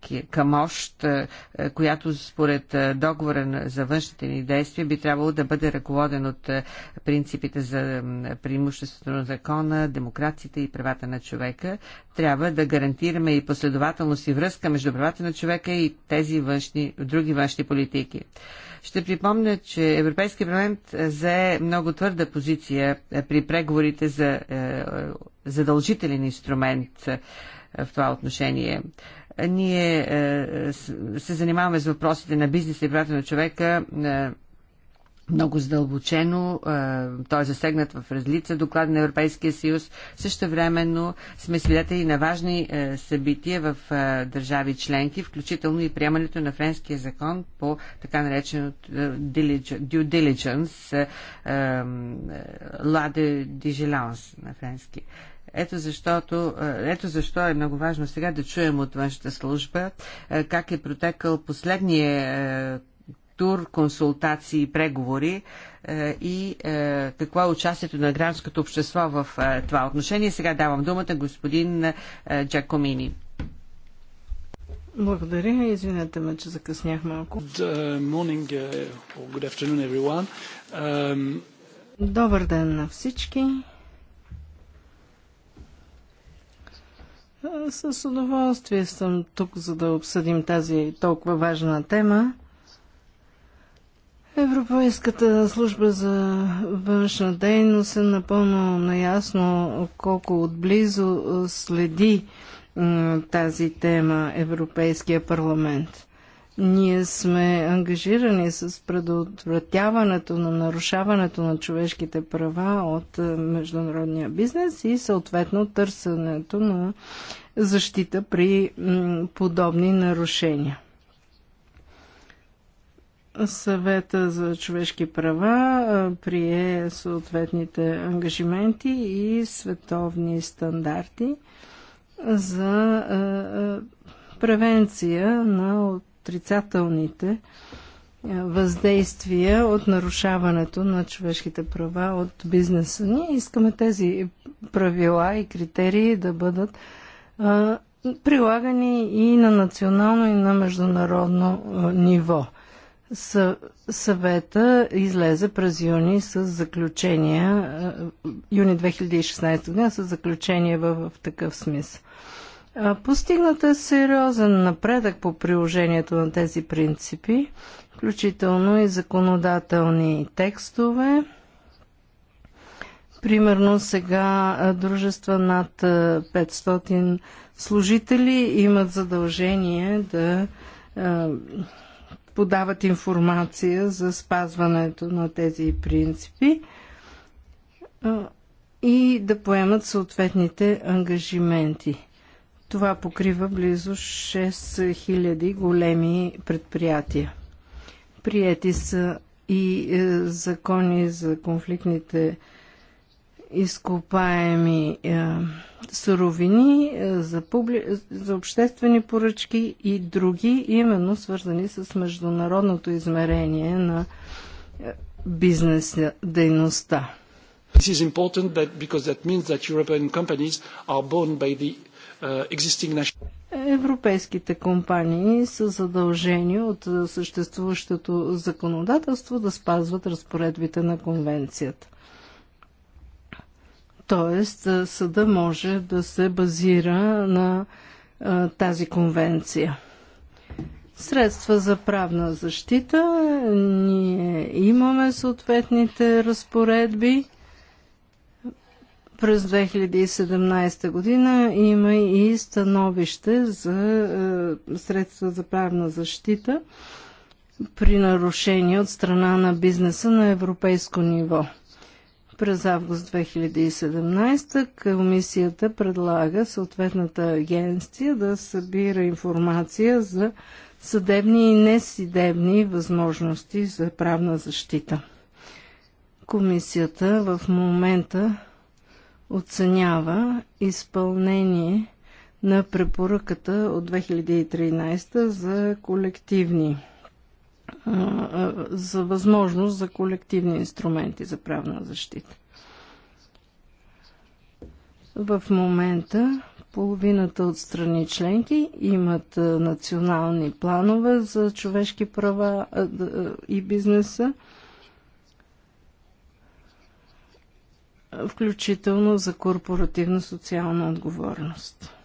е, камощ, е, която според договора за външните ни действия би трябвало да бъде ръководен от принципите за преимуществото на закона, демокрацията и правата на човека. Трябва да гарантираме и последователност и връзка между правата на човека и тези външни, други външни политики. Ще припомня, че Европейския парламент зае много твърда позиция е, при преговорите за е, задължителен инструмент е, в това отношение. Ние се занимаваме с въпросите на бизнеса и правата на човека много задълбочено. Той е засегнат в разлица доклади на Европейския съюз. Също времено сме свидетели на важни събития в държави членки, включително и приемането на френския закон по така нареченото due diligence, la de diligence на френски. Ето, защото, ето защо е много важно сега да чуем от външната служба как е протекал последния тур консултации е, и преговори и какво е участието на гражданското общество в е, това отношение. Сега давам думата господин е, Джакомини. Благодаря. Извинете ме, че закъснях малко. Uh, uh, um, Добър ден на всички. С удоволствие съм тук, за да обсъдим тази толкова важна тема. Европейската служба за външна дейност е напълно наясно колко отблизо следи тази тема Европейския парламент. Ние сме ангажирани с предотвратяването на нарушаването на човешките права от международния бизнес и съответно търсенето на защита при подобни нарушения. Съвета за човешки права прие съответните ангажименти и световни стандарти за превенция на отрицателните въздействия от нарушаването на човешките права от бизнеса. Ние искаме тези правила и критерии да бъдат прилагани и на национално и на международно ниво. Съвета излезе през юни с заключения, юни 2016 година с заключение в, в такъв смисъл. Постигнат е сериозен напредък по приложението на тези принципи, включително и законодателни текстове. Примерно сега дружества над 500 служители имат задължение да подават информация за спазването на тези принципи и да поемат съответните ангажименти. Това покрива близо 6000 големи предприятия. Приети са и е, закони за конфликтните изкопаеми е, суровини е, за, публи... за обществени поръчки и други, именно свързани с международното измерение на е, бизнес дейността. This is important that, because that means that European companies are born by the uh, existing national... Европейските компании са задължени от съществуващото законодателство да спазват разпоредбите на конвенцията. Тоест, съда може да се базира на тази конвенция. Средства за правна защита. Ние имаме съответните разпоредби. През 2017 година има и становище за средства за правна защита при нарушение от страна на бизнеса на европейско ниво. През август 2017 комисията предлага съответната агенция да събира информация за съдебни и несъдебни възможности за правна защита. Комисията в момента оценява изпълнение на препоръката от 2013 за колективни за възможност за колективни инструменти за правна защита. В момента половината от страни членки имат национални планове за човешки права и бизнеса, включително за корпоративна социална отговорност.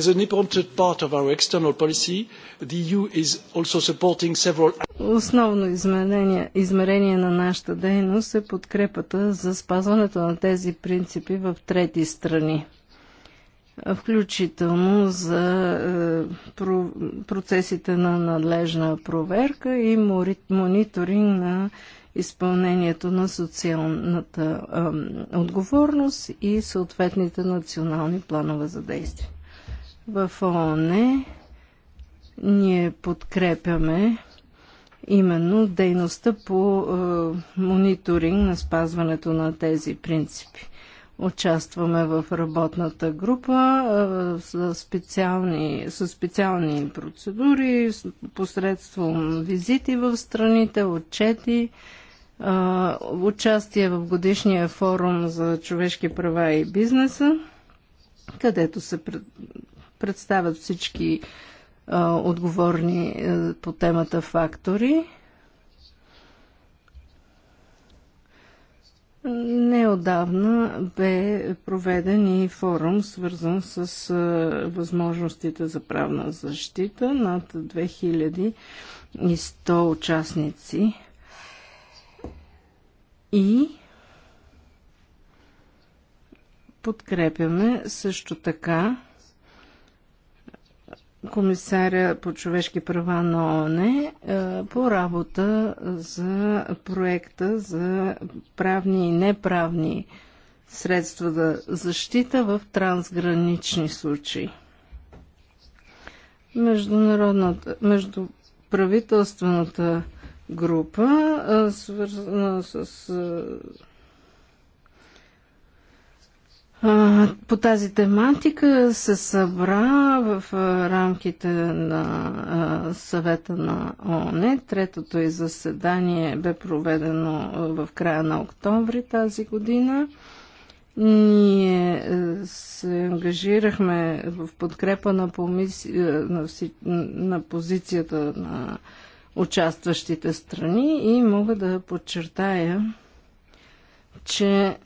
As an important part of our external policy, the EU is also supporting several... Основно измерение, измерение на нашата дейност е подкрепата за спазването на тези принципи в трети страни включително за е, процесите на надлежна проверка и мониторинг на изпълнението на социалната отговорност и съответните национални планове за действие в ООН ние подкрепяме именно дейността по е, мониторинг на спазването на тези принципи. Участваме в работната група е, с специални, с специални процедури, с, посредством визити в страните, отчети, е, участие в годишния форум за човешки права и бизнеса, където се представят всички а, отговорни а, е, по темата фактори. Неодавна бе проведен и форум, свързан с е, възможностите за правна защита над 2100 участници. И подкрепяме също така комисаря по човешки права на ООН е, по работа за проекта за правни и неправни средства за защита в трансгранични случаи. Международната, междуправителствената група, е, свързана с е, по тази тематика се събра в рамките на съвета на ООН. Третото и заседание бе проведено в края на октомври тази година. Ние се ангажирахме в подкрепа на, помиси... на, вси... на позицията на участващите страни и мога да подчертая, че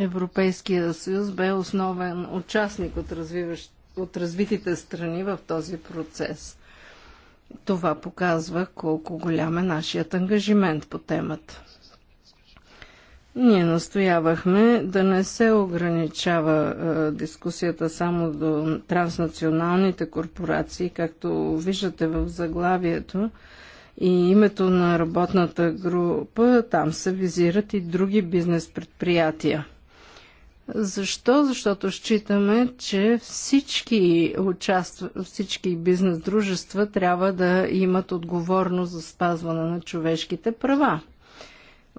Европейския съюз бе основен участник от, развиващ, от развитите страни в този процес. Това показва колко голям е нашият ангажимент по темата. Ние настоявахме да не се ограничава е, дискусията само до транснационалните корпорации, както виждате в заглавието и името на работната група, там се визират и други бизнес предприятия. Защо? Защото считаме, че всички, участв... всички бизнес дружества трябва да имат отговорност за спазване на човешките права.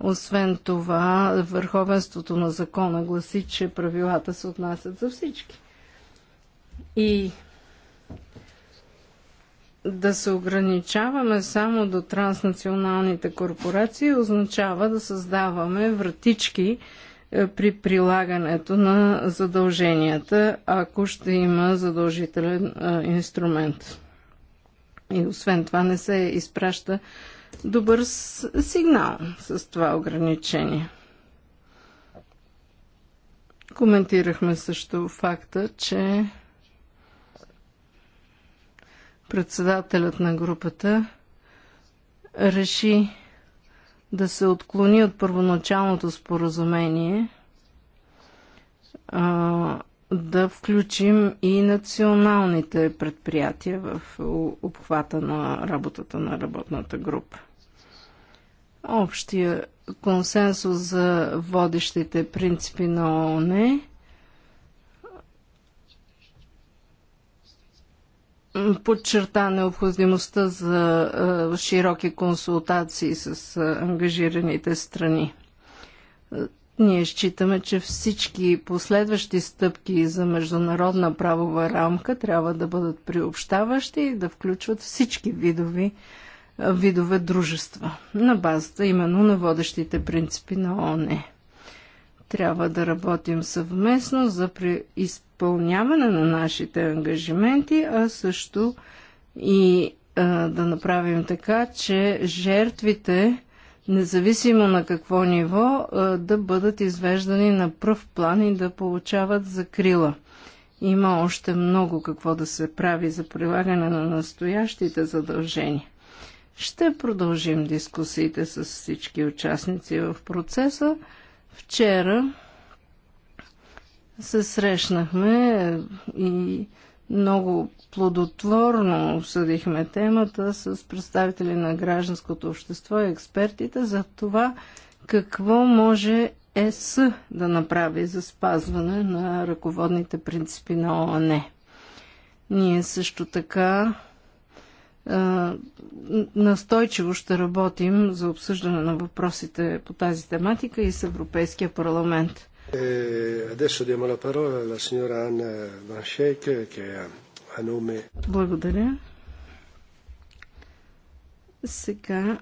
Освен това, върховенството на закона гласи, че правилата се отнасят за всички. И да се ограничаваме само до транснационалните корпорации означава да създаваме вратички, е, при прилагането на задълженията, ако ще има задължителен е, инструмент. И освен това не се изпраща добър сигнал с това ограничение. Коментирахме също факта, че председателят на групата реши да се отклони от първоначалното споразумение, да включим и националните предприятия в обхвата на работата на работната група. Общия консенсус за водещите принципи на ООН е, подчерта необходимостта за е, широки консултации с е, ангажираните страни. Е, ние считаме, че всички последващи стъпки за международна правова рамка трябва да бъдат приобщаващи и да включват всички видови, видове дружества на базата именно на водещите принципи на ОНЕ. Трябва да работим съвместно за изпълняване на нашите ангажименти, а също и а, да направим така, че жертвите, независимо на какво ниво, а, да бъдат извеждани на пръв план и да получават закрила. Има още много какво да се прави за прилагане на настоящите задължения. Ще продължим дискусиите с всички участници в процеса. Вчера се срещнахме и много плодотворно обсъдихме темата с представители на гражданското общество и експертите за това какво може ЕС да направи за спазване на ръководните принципи на ООН. Ние също така настойчиво ще работим за обсъждане на въпросите по тази тематика и с Европейския парламент. Благодаря. Сега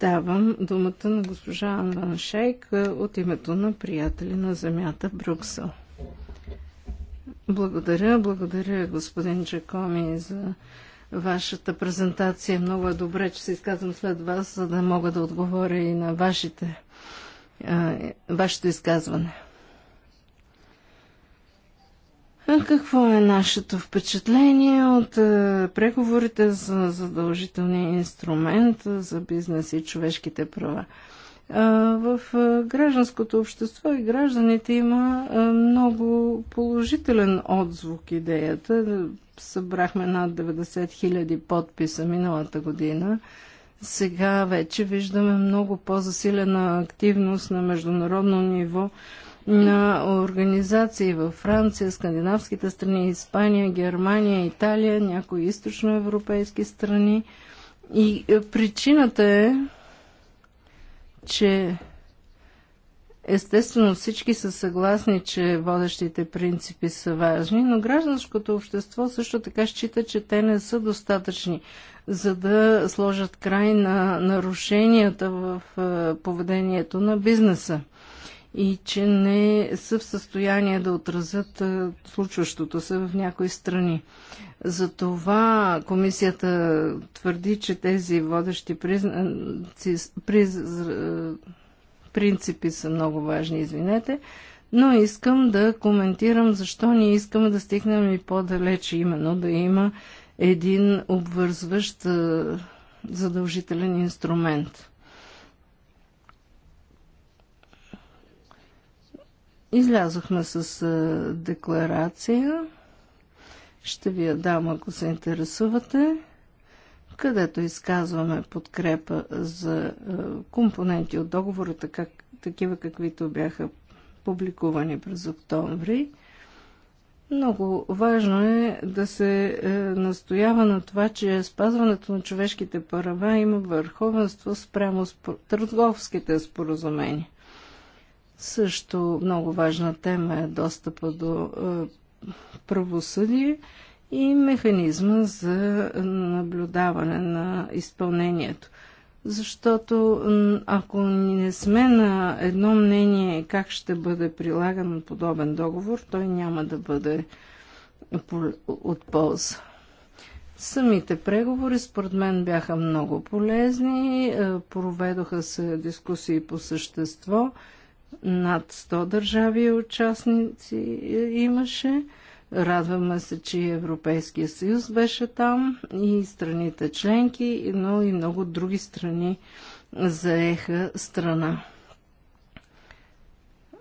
давам думата на госпожа Ан Шейк е, от името на приятели на земята Брюксел. Благодаря, благодаря господин Джакоми за вашата презентация. Е много е добре, че се изказвам след вас, за да мога да отговоря и на вашите, вашето изказване. Какво е нашето впечатление от преговорите за задължителния инструмент за бизнес и човешките права? В гражданското общество и гражданите има много положителен отзвук идеята събрахме над 90 000 подписа миналата година. Сега вече виждаме много по-засилена активност на международно ниво на организации във Франция, скандинавските страни, Испания, Германия, Италия, някои източноевропейски страни. И е, причината е, че Естествено всички са съгласни, че водещите принципи са важни, но гражданското общество също така счита, че те не са достатъчни, за да сложат край на нарушенията в е, поведението на бизнеса и че не са в състояние да отразят е, случващото се в някои страни. Затова комисията твърди, че тези водещи признаци, приз, принципи са много важни, извинете, но искам да коментирам защо ние искаме да стигнем и по-далече, именно да има един обвързващ задължителен инструмент. Излязохме с декларация. Ще ви я дам, ако се интересувате където изказваме подкрепа за е, компоненти от договората, как, такива каквито бяха публикувани през октомври. Много важно е да се е, настоява на това, че спазването на човешките права има върховенство спрямо спор... търговските споразумения. Също много важна тема е достъпа до е, правосъдие и механизма за наблюдаване на изпълнението. Защото ако не сме на едно мнение как ще бъде прилаган подобен договор, той няма да бъде от полза. Самите преговори според мен бяха много полезни. Е, проведоха се дискусии по същество. Над 100 държави участници е, имаше. Радваме се, че Европейския съюз беше там и страните членки, но и много други страни заеха страна.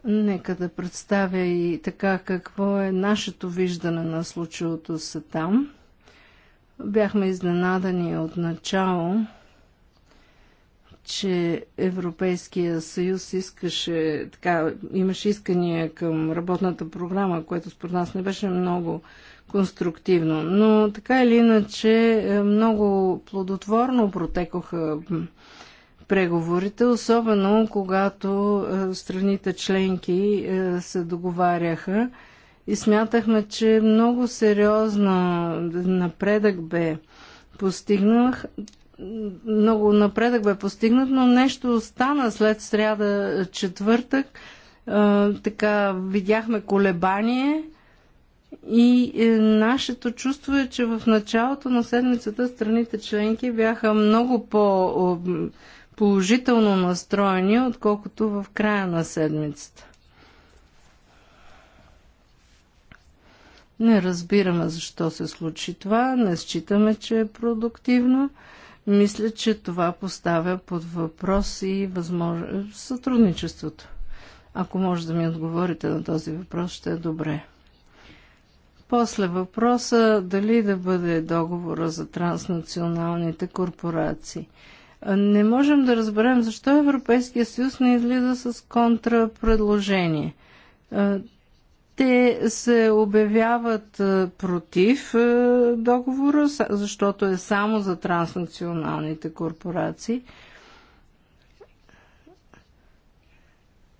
Нека да представя и така какво е нашето виждане на случилото се там. Бяхме изненадани от начало, че Европейския съюз искаше, така, имаше искания към работната програма, което според нас не беше много конструктивно. Но така или иначе е, много плодотворно протекоха преговорите, особено когато е, страните членки е, се договаряха и смятахме, че много сериозна напредък бе постигнах, много напредък бе постигнат, но нещо остана след сряда четвъртък. Така видяхме колебание и е, нашето чувство е, че в началото на седмицата страните членки бяха много по- положително настроени, отколкото в края на седмицата. Не разбираме защо се случи това, не считаме, че е продуктивно. Мисля, че това поставя под въпрос и възможно... сътрудничеството. Ако може да ми отговорите на този въпрос, ще е добре. После въпроса дали да бъде договора за транснационалните корпорации. Не можем да разберем защо Европейския съюз не излиза с контрапредложение. Те се обявяват е, против е, договора, защото е само за транснационалните корпорации.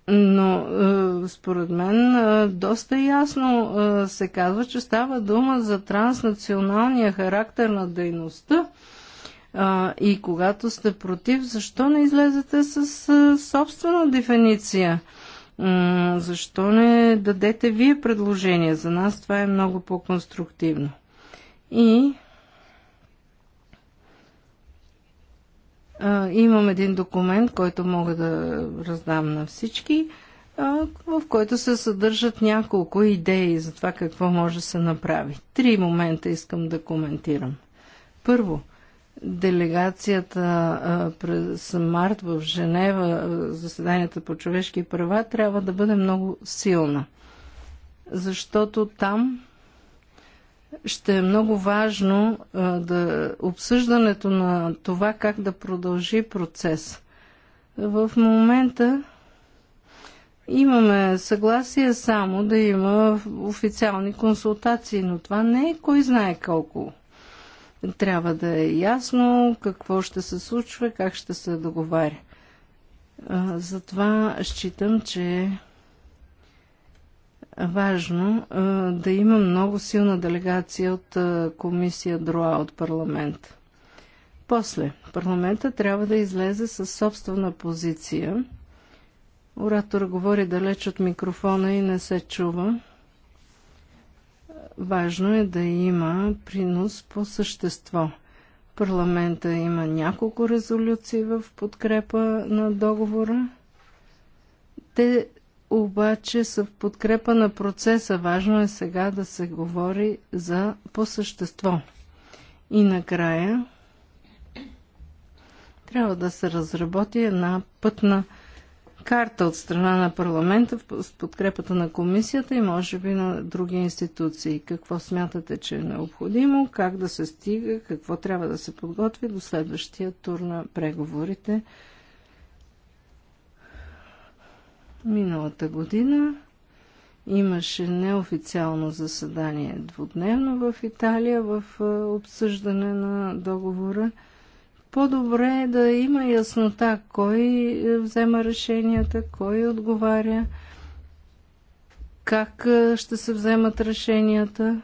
Но е, според мен доста ясно се казва, че става дума за транснационалния характер на дейността. И когато сте против, защо не излезете с собствена дефиниция? Защо не дадете вие предложение? За нас това е много по-конструктивно. И имам един документ, който мога да раздам на всички, в който се съдържат няколко идеи за това какво може да се направи. Три момента искам да коментирам. Първо – делегацията през март в Женева, заседанията по човешки права, трябва да бъде много силна. Защото там ще е много важно да, обсъждането на това как да продължи процес. В момента имаме съгласие само да има официални консултации, но това не е кой знае колко трябва да е ясно какво ще се случва, как ще се договаря. Затова считам, че е важно да има много силна делегация от комисия ДРОА от парламент. После, парламента трябва да излезе със собствена позиция. Оратор говори далеч от микрофона и не се чува. Важно е да има принос по същество. Парламента има няколко резолюции в подкрепа на договора. Те обаче са в подкрепа на процеса. Важно е сега да се говори за по същество. И накрая трябва да се разработи една пътна карта от страна на парламента с подкрепата на комисията и може би на други институции. Какво смятате, че е необходимо, как да се стига, какво трябва да се подготви до следващия тур на преговорите. Миналата година имаше неофициално заседание двудневно в Италия в обсъждане на договора – по-добре е да има яснота кой е, взема решенията, кой отговаря, как е, ще се вземат решенията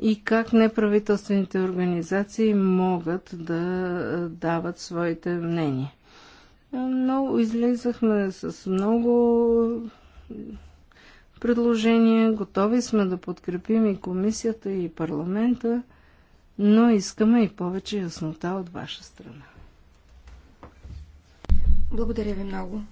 и как неправителствените организации могат да е, дават своите мнения. Много излизахме с много предложения, готови сме да подкрепим и комисията, и парламента – но искаме и повече яснота от ваша страна. Благодаря ви много.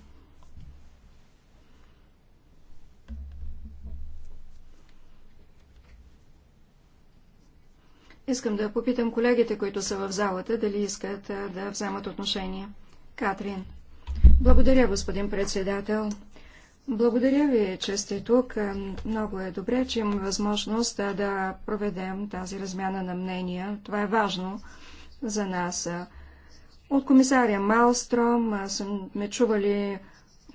Искам да попитам колегите, които са в залата, дали искат да вземат отношение. Катрин. Благодаря, господин председател. Благодаря ви, че сте тук. Много е добре, че имаме възможност да проведем тази размяна на мнения. Това е важно за нас. От комисаря Малстром сме чували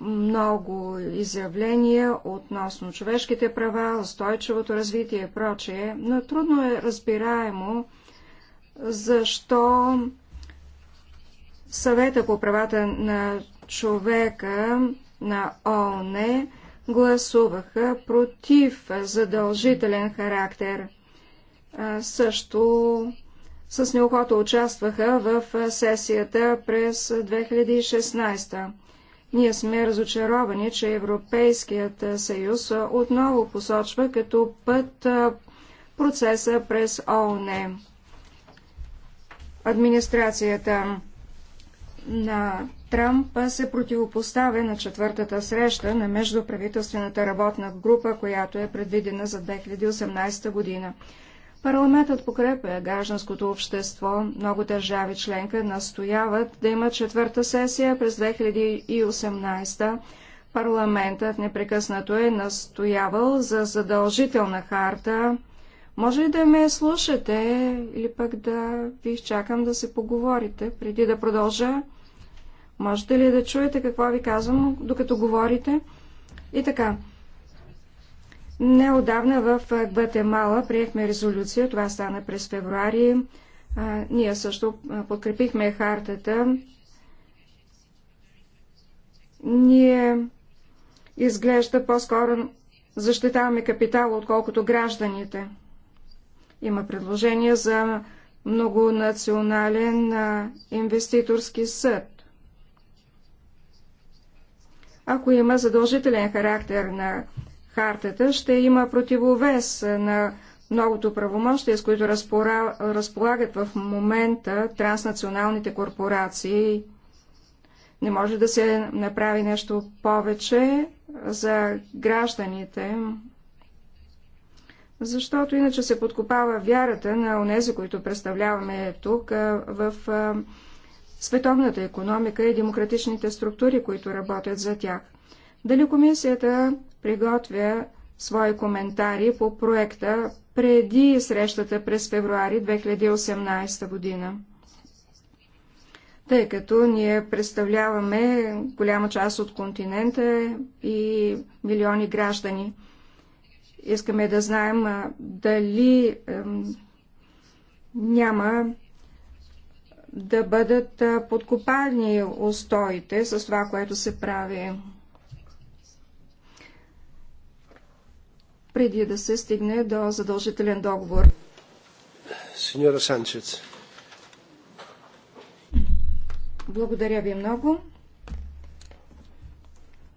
много изявления относно човешките права, устойчивото развитие и прочее, но трудно е разбираемо защо съвета по правата на човека на ООН гласуваха против задължителен характер. Също с неохота участваха в сесията през 2016. Ние сме разочаровани, че Европейският съюз отново посочва като път процеса през ООН. Администрацията на Трамп се противопоставя на четвъртата среща на междуправителствената работна група, която е предвидена за 2018 година. Парламентът покрепя гражданското общество. Много държави членка настояват да има четвърта сесия през 2018. Парламентът непрекъснато е настоявал за задължителна харта. Може ли да ме слушате или пък да ви чакам да се поговорите преди да продължа? Можете ли да чуете какво ви казвам, докато говорите? И така. Неодавна в Гватемала приехме резолюция, това стана през февруари. А, ние също подкрепихме хартата. Ние изглежда по-скоро защитаваме капитала, отколкото гражданите. Има предложение за многонационален инвеститорски съд. Ако има задължителен характер на хартата, ще има противовес на многото правомощия, с които разполагат в момента транснационалните корпорации. Не може да се направи нещо повече за гражданите, защото иначе се подкопава вярата на онези, които представляваме тук в световната економика и демократичните структури, които работят за тях. Дали комисията приготвя свои коментари по проекта преди срещата през февруари 2018 година? Тъй като ние представляваме голяма част от континента и милиони граждани. Искаме да знаем дали няма да бъдат подкопани устоите с това, което се прави. преди да се стигне до задължителен договор. Сеньора Санчец. Благодаря ви много.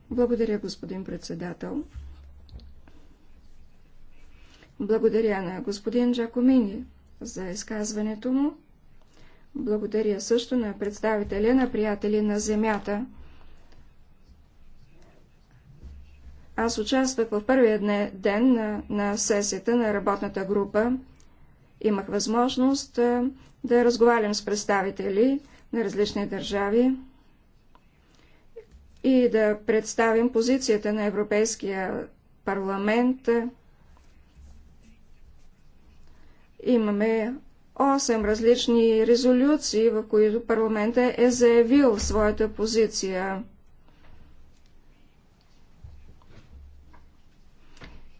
Благодаря, господин председател. Благодаря на господин Джакомини за изказването му. Благодаря също на представителя на приятели на земята. Аз участвах в първия ден на, на сесията на работната група. Имах възможност да разговарям с представители на различни държави и да представим позицията на Европейския парламент. Имаме 8 различни резолюции, в които парламента е заявил своята позиция.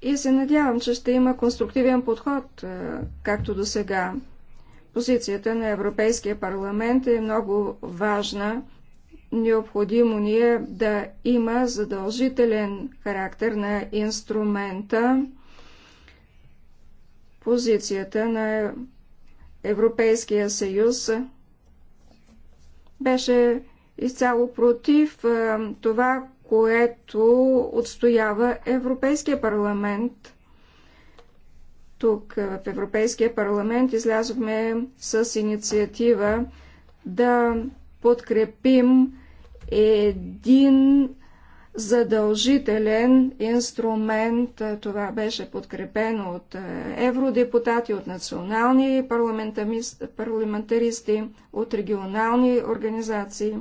И се надявам, че ще има конструктивен подход, е, както до сега. Позицията на Европейския парламент е много важна. Необходимо ни е да има задължителен характер на инструмента. Позицията на Европейския съюз беше изцяло против това, което отстоява Европейския парламент. Тук в Европейския парламент излязохме с инициатива да подкрепим един задължителен инструмент. Това беше подкрепено от е, евродепутати, от национални парламентаристи, от регионални организации.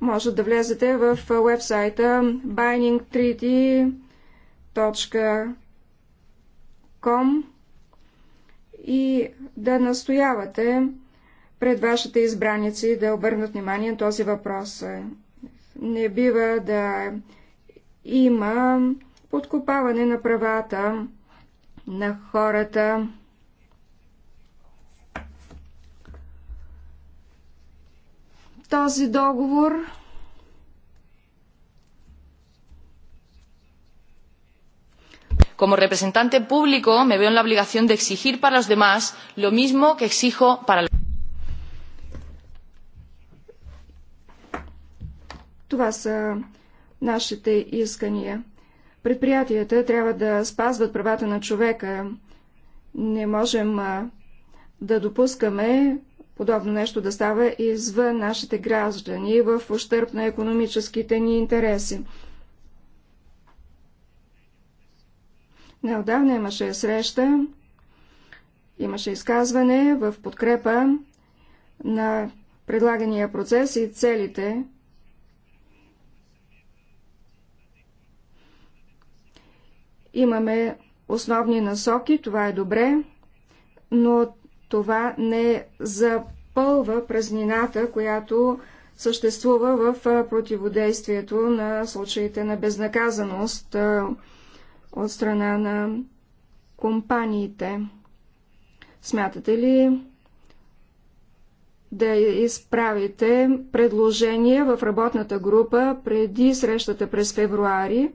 Може да влезете в вебсайта bindingtreaty.com и да настоявате пред вашите избраници да обърнат внимание на този въпрос. Не бива да има подкопаване на правата на хората. Този договор Como representante público me veo en la obligación de exigir para los demás lo mismo que exijo para los Това са нашите искания. Предприятията трябва да спазват правата на човека. Не можем да допускаме подобно нещо да става извън нашите граждани в ущърп на економическите ни интереси. Неодавна имаше среща, имаше изказване в подкрепа на предлагания процес и целите Имаме основни насоки, това е добре, но това не запълва празнината, която съществува в противодействието на случаите на безнаказаност от страна на компаниите. Смятате ли да изправите предложение в работната група преди срещата през февруари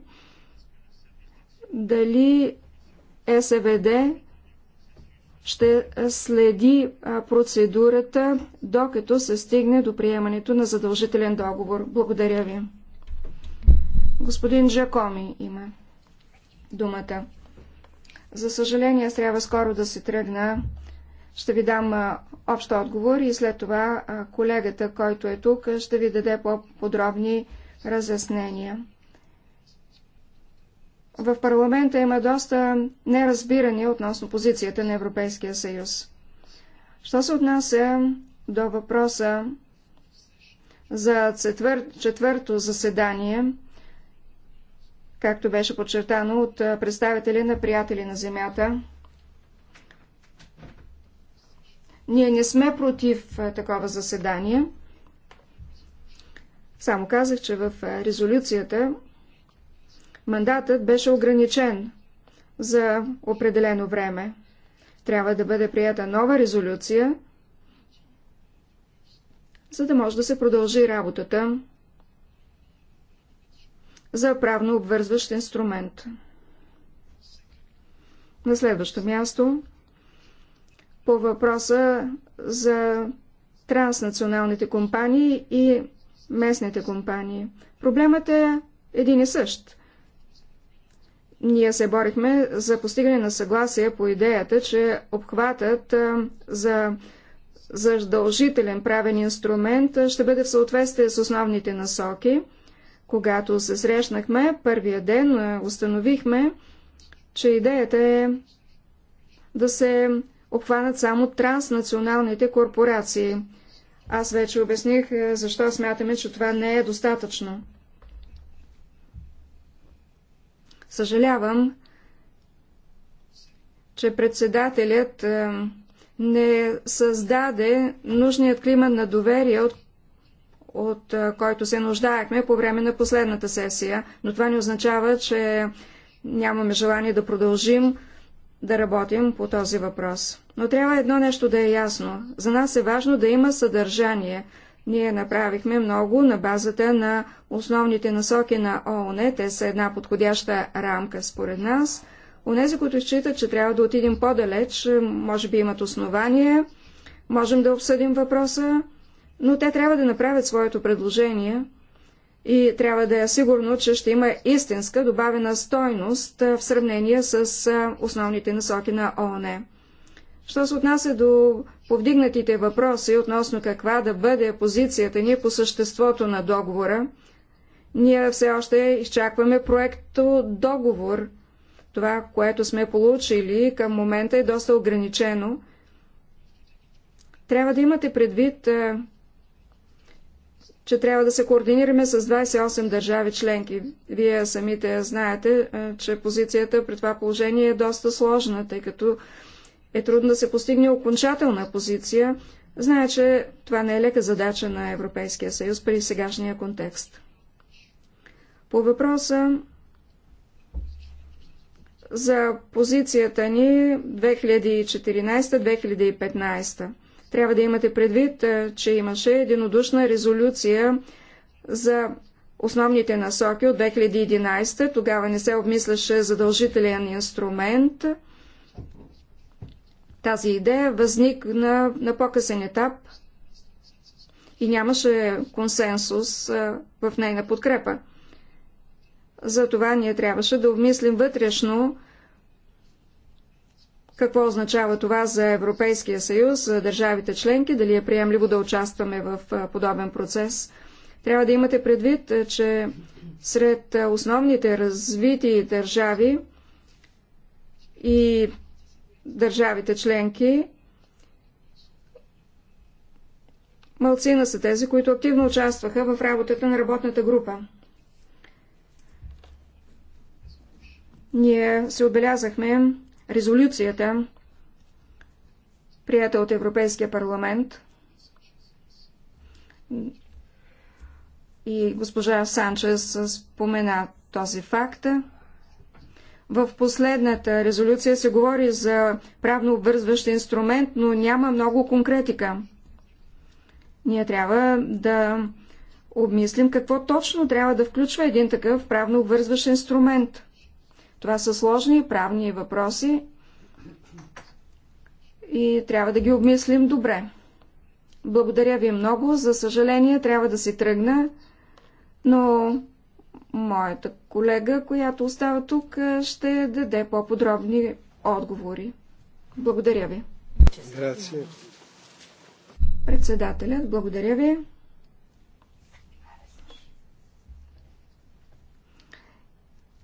дали СВД ще следи процедурата, докато се стигне до приемането на задължителен договор. Благодаря ви. Господин Джакоми има думата. За съжаление, аз трябва скоро да се тръгна. Ще ви дам общ отговор и след това колегата, който е тук, ще ви даде по-подробни разяснения в парламента има доста неразбиране относно позицията на Европейския съюз. Що се отнася до въпроса за четвър... четвърто заседание, както беше подчертано от представители на приятели на Земята, ние не сме против такова заседание. Само казах, че в резолюцията Мандатът беше ограничен за определено време. Трябва да бъде прията нова резолюция, за да може да се продължи работата за правно обвързващ инструмент. На следващо място по въпроса за транснационалните компании и местните компании. Проблемът е един и същ ние се борихме за постигане на съгласие по идеята, че обхватът за задължителен правен инструмент ще бъде в съответствие с основните насоки. Когато се срещнахме първия ден, установихме, че идеята е да се обхванат само транснационалните корпорации. Аз вече обясних защо смятаме, че това не е достатъчно. Съжалявам, че председателят е, не създаде нужният климат на доверие, от, от е, който се нуждаехме по време на последната сесия, но това не означава, че нямаме желание да продължим да работим по този въпрос. Но трябва едно нещо да е ясно. За нас е важно да има съдържание, ние направихме много на базата на основните насоки на ООН. Те са една подходяща рамка според нас. Онези, които считат, че трябва да отидем по-далеч, може би имат основания, можем да обсъдим въпроса, но те трябва да направят своето предложение и трябва да е сигурно, че ще има истинска добавена стойност в сравнение с основните насоки на ООН. Що се отнася до повдигнатите въпроси относно каква да бъде позицията ни по съществото на договора, ние все още изчакваме проекто договор. Това, което сме получили към момента е доста ограничено. Трябва да имате предвид, че трябва да се координираме с 28 държави членки. Вие самите знаете, че позицията при това положение е доста сложна, тъй като е трудно да се постигне окончателна позиция. Зная, че това не е лека задача на Европейския съюз при сегашния контекст. По въпроса за позицията ни 2014-2015. Трябва да имате предвид, че имаше единодушна резолюция за основните насоки от 2011. Тогава не се обмисляше задължителен инструмент – тази идея възникна на по-късен етап и нямаше консенсус в нейна подкрепа. Затова ние трябваше да обмислим вътрешно какво означава това за Европейския съюз, за държавите членки, дали е приемливо да участваме в подобен процес. Трябва да имате предвид, че сред основните развити държави и държавите членки. Малцина са тези, които активно участваха в работата на работната група. Ние се отбелязахме резолюцията, прията от Европейския парламент и госпожа Санчес спомена този факт. В последната резолюция се говори за правно обвързващ инструмент, но няма много конкретика. Ние трябва да обмислим какво точно трябва да включва един такъв правно обвързващ инструмент. Това са сложни правни въпроси и трябва да ги обмислим добре. Благодаря ви много. За съжаление, трябва да си тръгна, но Моята колега, която остава тук, ще даде по-подробни отговори. Благодаря ви. Грация. Председателят, благодаря ви.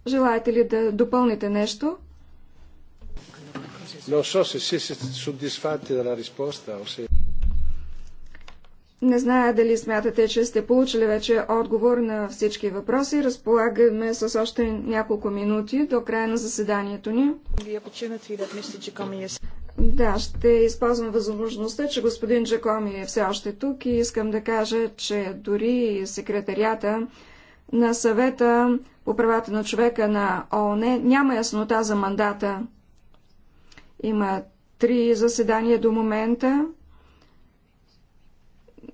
Желаете ли да допълните нещо? Non so се siete се dalla risposta o не зная дали смятате, че сте получили вече отговор на всички въпроси. Разполагаме с още няколко минути до края на заседанието ни. Да, ще използвам възможността, че господин Джакоми е все още тук и искам да кажа, че дори секретарията на съвета по правата на човека на ООН няма яснота за мандата. Има три заседания до момента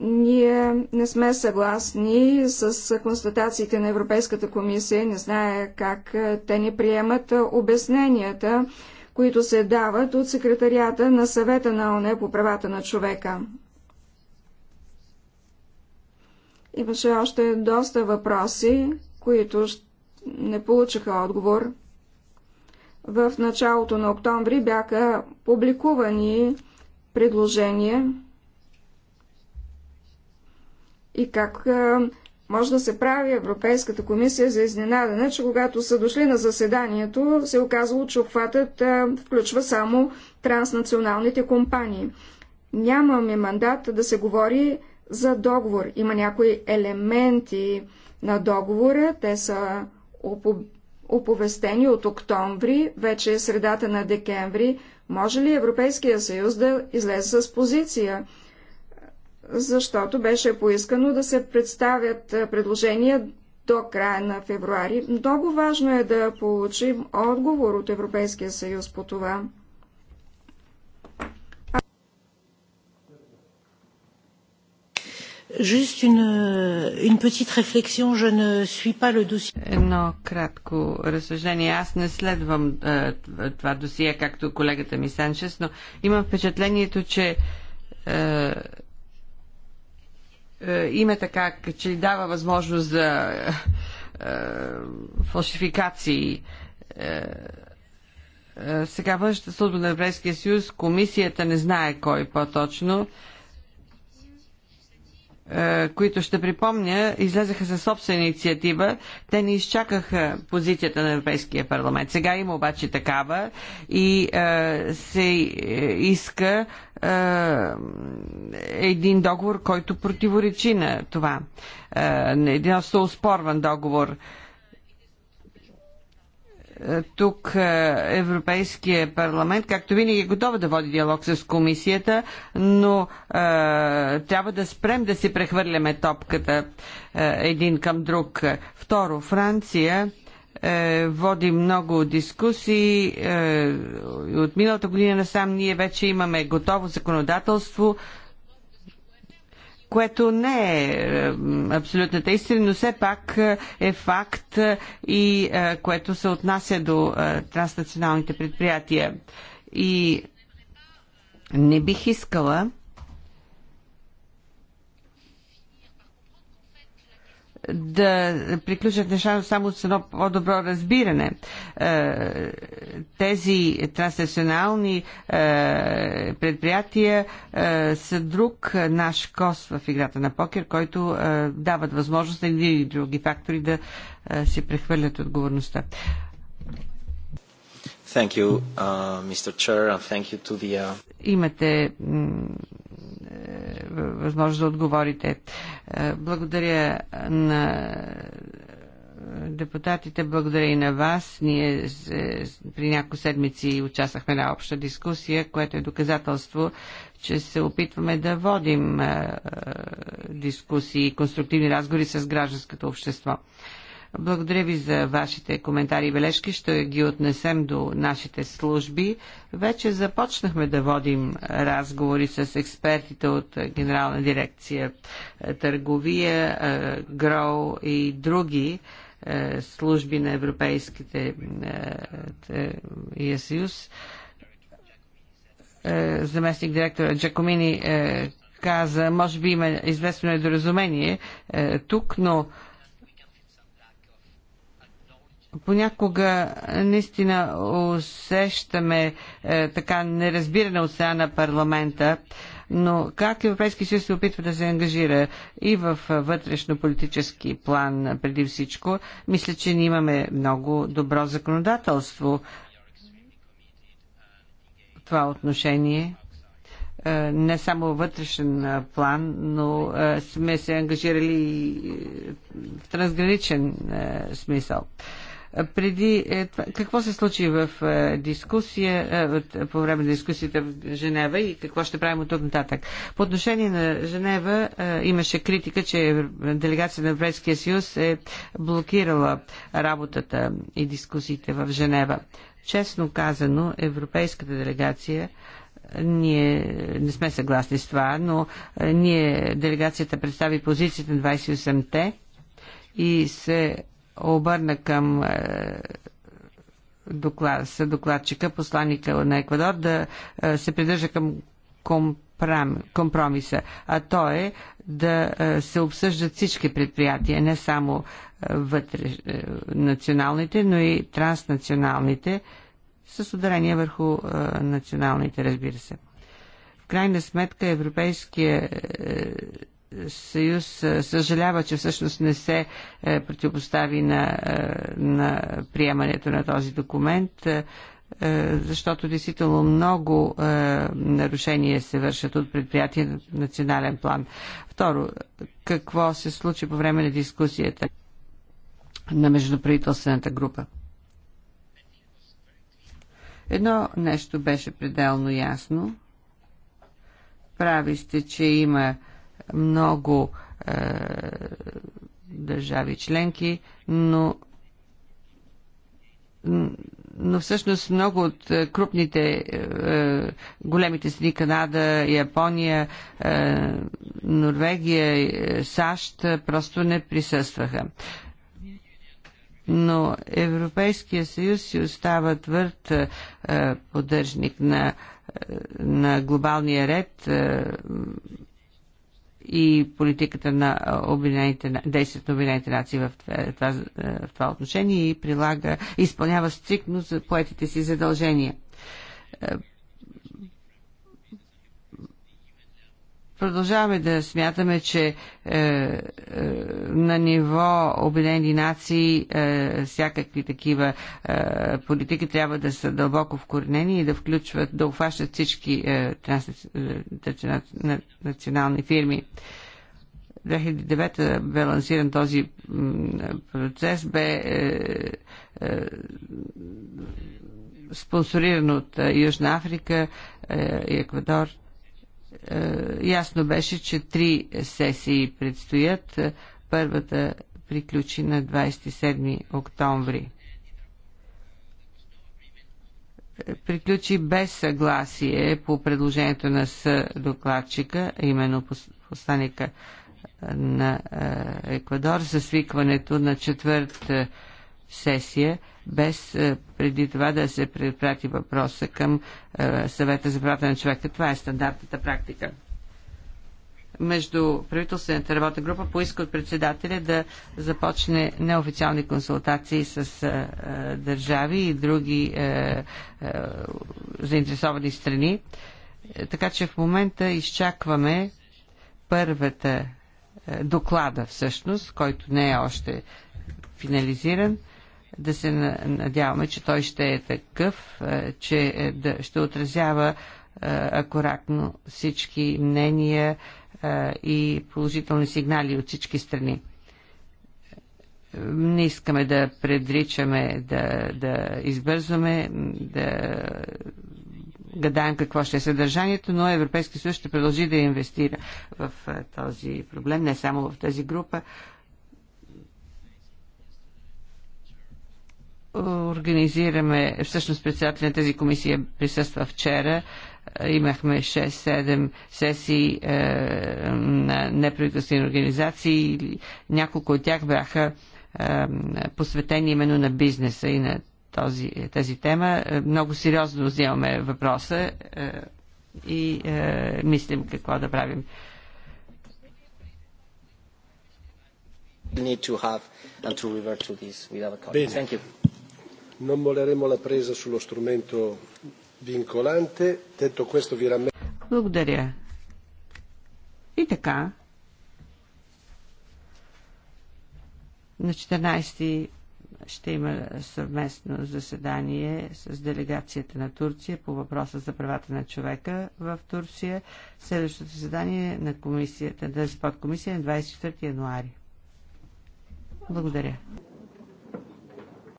ние не сме съгласни с констатациите на Европейската комисия, не знае как е, те ни приемат е, обясненията, които се дават от секретарията на съвета на ОНЕ по правата на човека. Имаше още доста въпроси, които не получиха отговор. В началото на октомври бяха публикувани предложения и как може да се прави Европейската комисия за изненадане, че когато са дошли на заседанието, се е оказало, че обхватът включва само транснационалните компании. Нямаме мандат да се говори за договор. Има някои елементи на договора. Те са оповестени от октомври, вече е средата на декември. Може ли Европейския съюз да излезе с позиция? защото беше поискано да се представят предложения до края на февруари. Много важно е да получим отговор от Европейския съюз по това. Juste une, une petite réflexion, je ne suis pas le dossier. Едно кратко разсъждение. Аз не следвам е, това досие, както колегата ми Санчес, но имам впечатлението, че е, е, има така, че дава възможност за е, фалшификации. Е, сега външната служба на Европейския съюз, комисията не знае кой по-точно, е, които ще припомня, излезаха със собствена инициатива. Те не изчакаха позицията на Европейския парламент. Сега има обаче такава и е, се е, иска е, един договор, който противоречи на това. Е, един остро успорван договор. Е, тук е, Европейския парламент, както винаги е готова да води диалог с комисията, но е, трябва да спрем да си прехвърляме топката е, един към друг. Второ, Франция е, води много дискусии. Е, от миналата година насам ние вече имаме готово законодателство което не е абсолютната истина, но все пак е, е факт е, и е, което се отнася до транснационалните предприятия. И не бих искала да приключат нещата само с едно по-добро разбиране. Е, тези транснационални е, предприятия е, са друг наш кос в играта на покер, който дават възможност на едни или други фактори да се прехвърлят отговорността. Thank you, uh, Mr. Chair, and thank you to the... Uh... Имате е, възможност да отговорите. Е, благодаря на депутатите, благодаря и на вас. Ние при няколко седмици участвахме на обща дискусия, което е доказателство, че се опитваме да водим е, дискусии, конструктивни разговори с гражданското общество. Благодаря ви за вашите коментари и бележки. Ще ги отнесем до нашите служби. Вече започнахме да водим разговори с експертите от Генерална дирекция е, търговия, е, ГРОУ и други е, служби на Европейските съюз. Заместник директора Джакомини каза, може би има известно недоразумение тук, но понякога наистина усещаме е, така неразбиране от страна на парламента, но как Европейски съюз се опитва да се ангажира и в вътрешно-политически план преди всичко, мисля, че ние имаме много добро законодателство в това отношение е, не само вътрешен план, но е, сме се ангажирали и е, в трансграничен смисъл. Преди, е, това, какво се случи в е, дискусия, е, по време на дискусията в Женева и какво ще правим от тук нататък? По отношение на Женева имаше критика, че делегация на Европейския съюз е блокирала работата и дискусиите в Женева. Честно казано, европейската делегация ние не сме съгласни с това, но ние делегацията представи позицията на 28-те и се обърна към е, доклад, докладчика, посланника на Еквадор, да е, се придържа към компромиса, а то е да е, се обсъждат всички предприятия, не само вътре, националните, но и транснационалните, с ударение върху националните, разбира се. В крайна сметка Европейския съюз съжалява, че всъщност не се е, противопостави на, е, на приемането на този документ, е, защото действително много нарушения се вършат от предприятия на национален план. Второ, какво се случи по време на дискусията на междуправителствената група? Едно нещо беше пределно ясно. Прави сте, че има много е, държави членки, но но всъщност много от е, крупните, е, е, големите страни Канада, Япония, е, Норвегия, е, САЩ е, просто не присъстваха. Но Европейския съюз си остава твърд поддържник на, на глобалния ред и политиката на обединените, действието на Обединените нации в това, в това отношение и прилага, изпълнява стриктно поетите си задължения е, Продължаваме да смятаме, че е, е, на ниво Обединени нации е, всякакви такива е, политики трябва да са дълбоко вкоренени и да включват, да обхващат всички е, транс, е, национални фирми. 2009 бе лансиран този процес, бе е, е, спонсориран от е, Южна Африка е, и Еквадор. Е, ясно беше, че три сесии предстоят. Първата приключи на 27 октомври. Приключи без съгласие по предложението на с докладчика, именно посланика е, на е, Еквадор, за свикването на четвърта сесия – без е, преди това да се препрати въпроса към е, съвета за правата на човека. Това е стандартната практика между правителствената работна група поиска от председателя да започне неофициални консултации с а, е, а, държави и други а, а, заинтересовани страни. Така че в момента изчакваме първата а, доклада всъщност, който не е още финализиран да се надяваме, че той ще е такъв, е, че е, да, ще отразява е, акуратно всички мнения и положителни сигнали от всички страни. Не искаме да предричаме, да, да избързваме, да гадаем какво ще е съдържанието, но Европейския съюз ще продължи да инвестира в този проблем, не само в тази група, организираме, всъщност председателя на тази комисия присъства вчера, имахме 6-7 сесии е, на неправителствени организации, няколко от тях бяха е, посветени именно на бизнеса и на този, тази тема. Много сериозно вземаме въпроса е, и е, мислим какво да правим. Need to have and to revert to this without a colleagues. Thank you non molleremo la presa sullo strumento vincolante. Detto questo vi rammento. Благодаря. И така, на 14 ще има съвместно заседание с делегацията на Турция по въпроса за правата на човека в Турция. Следващото заседание на комисията, да подкомисия е на 24 януари. Благодаря.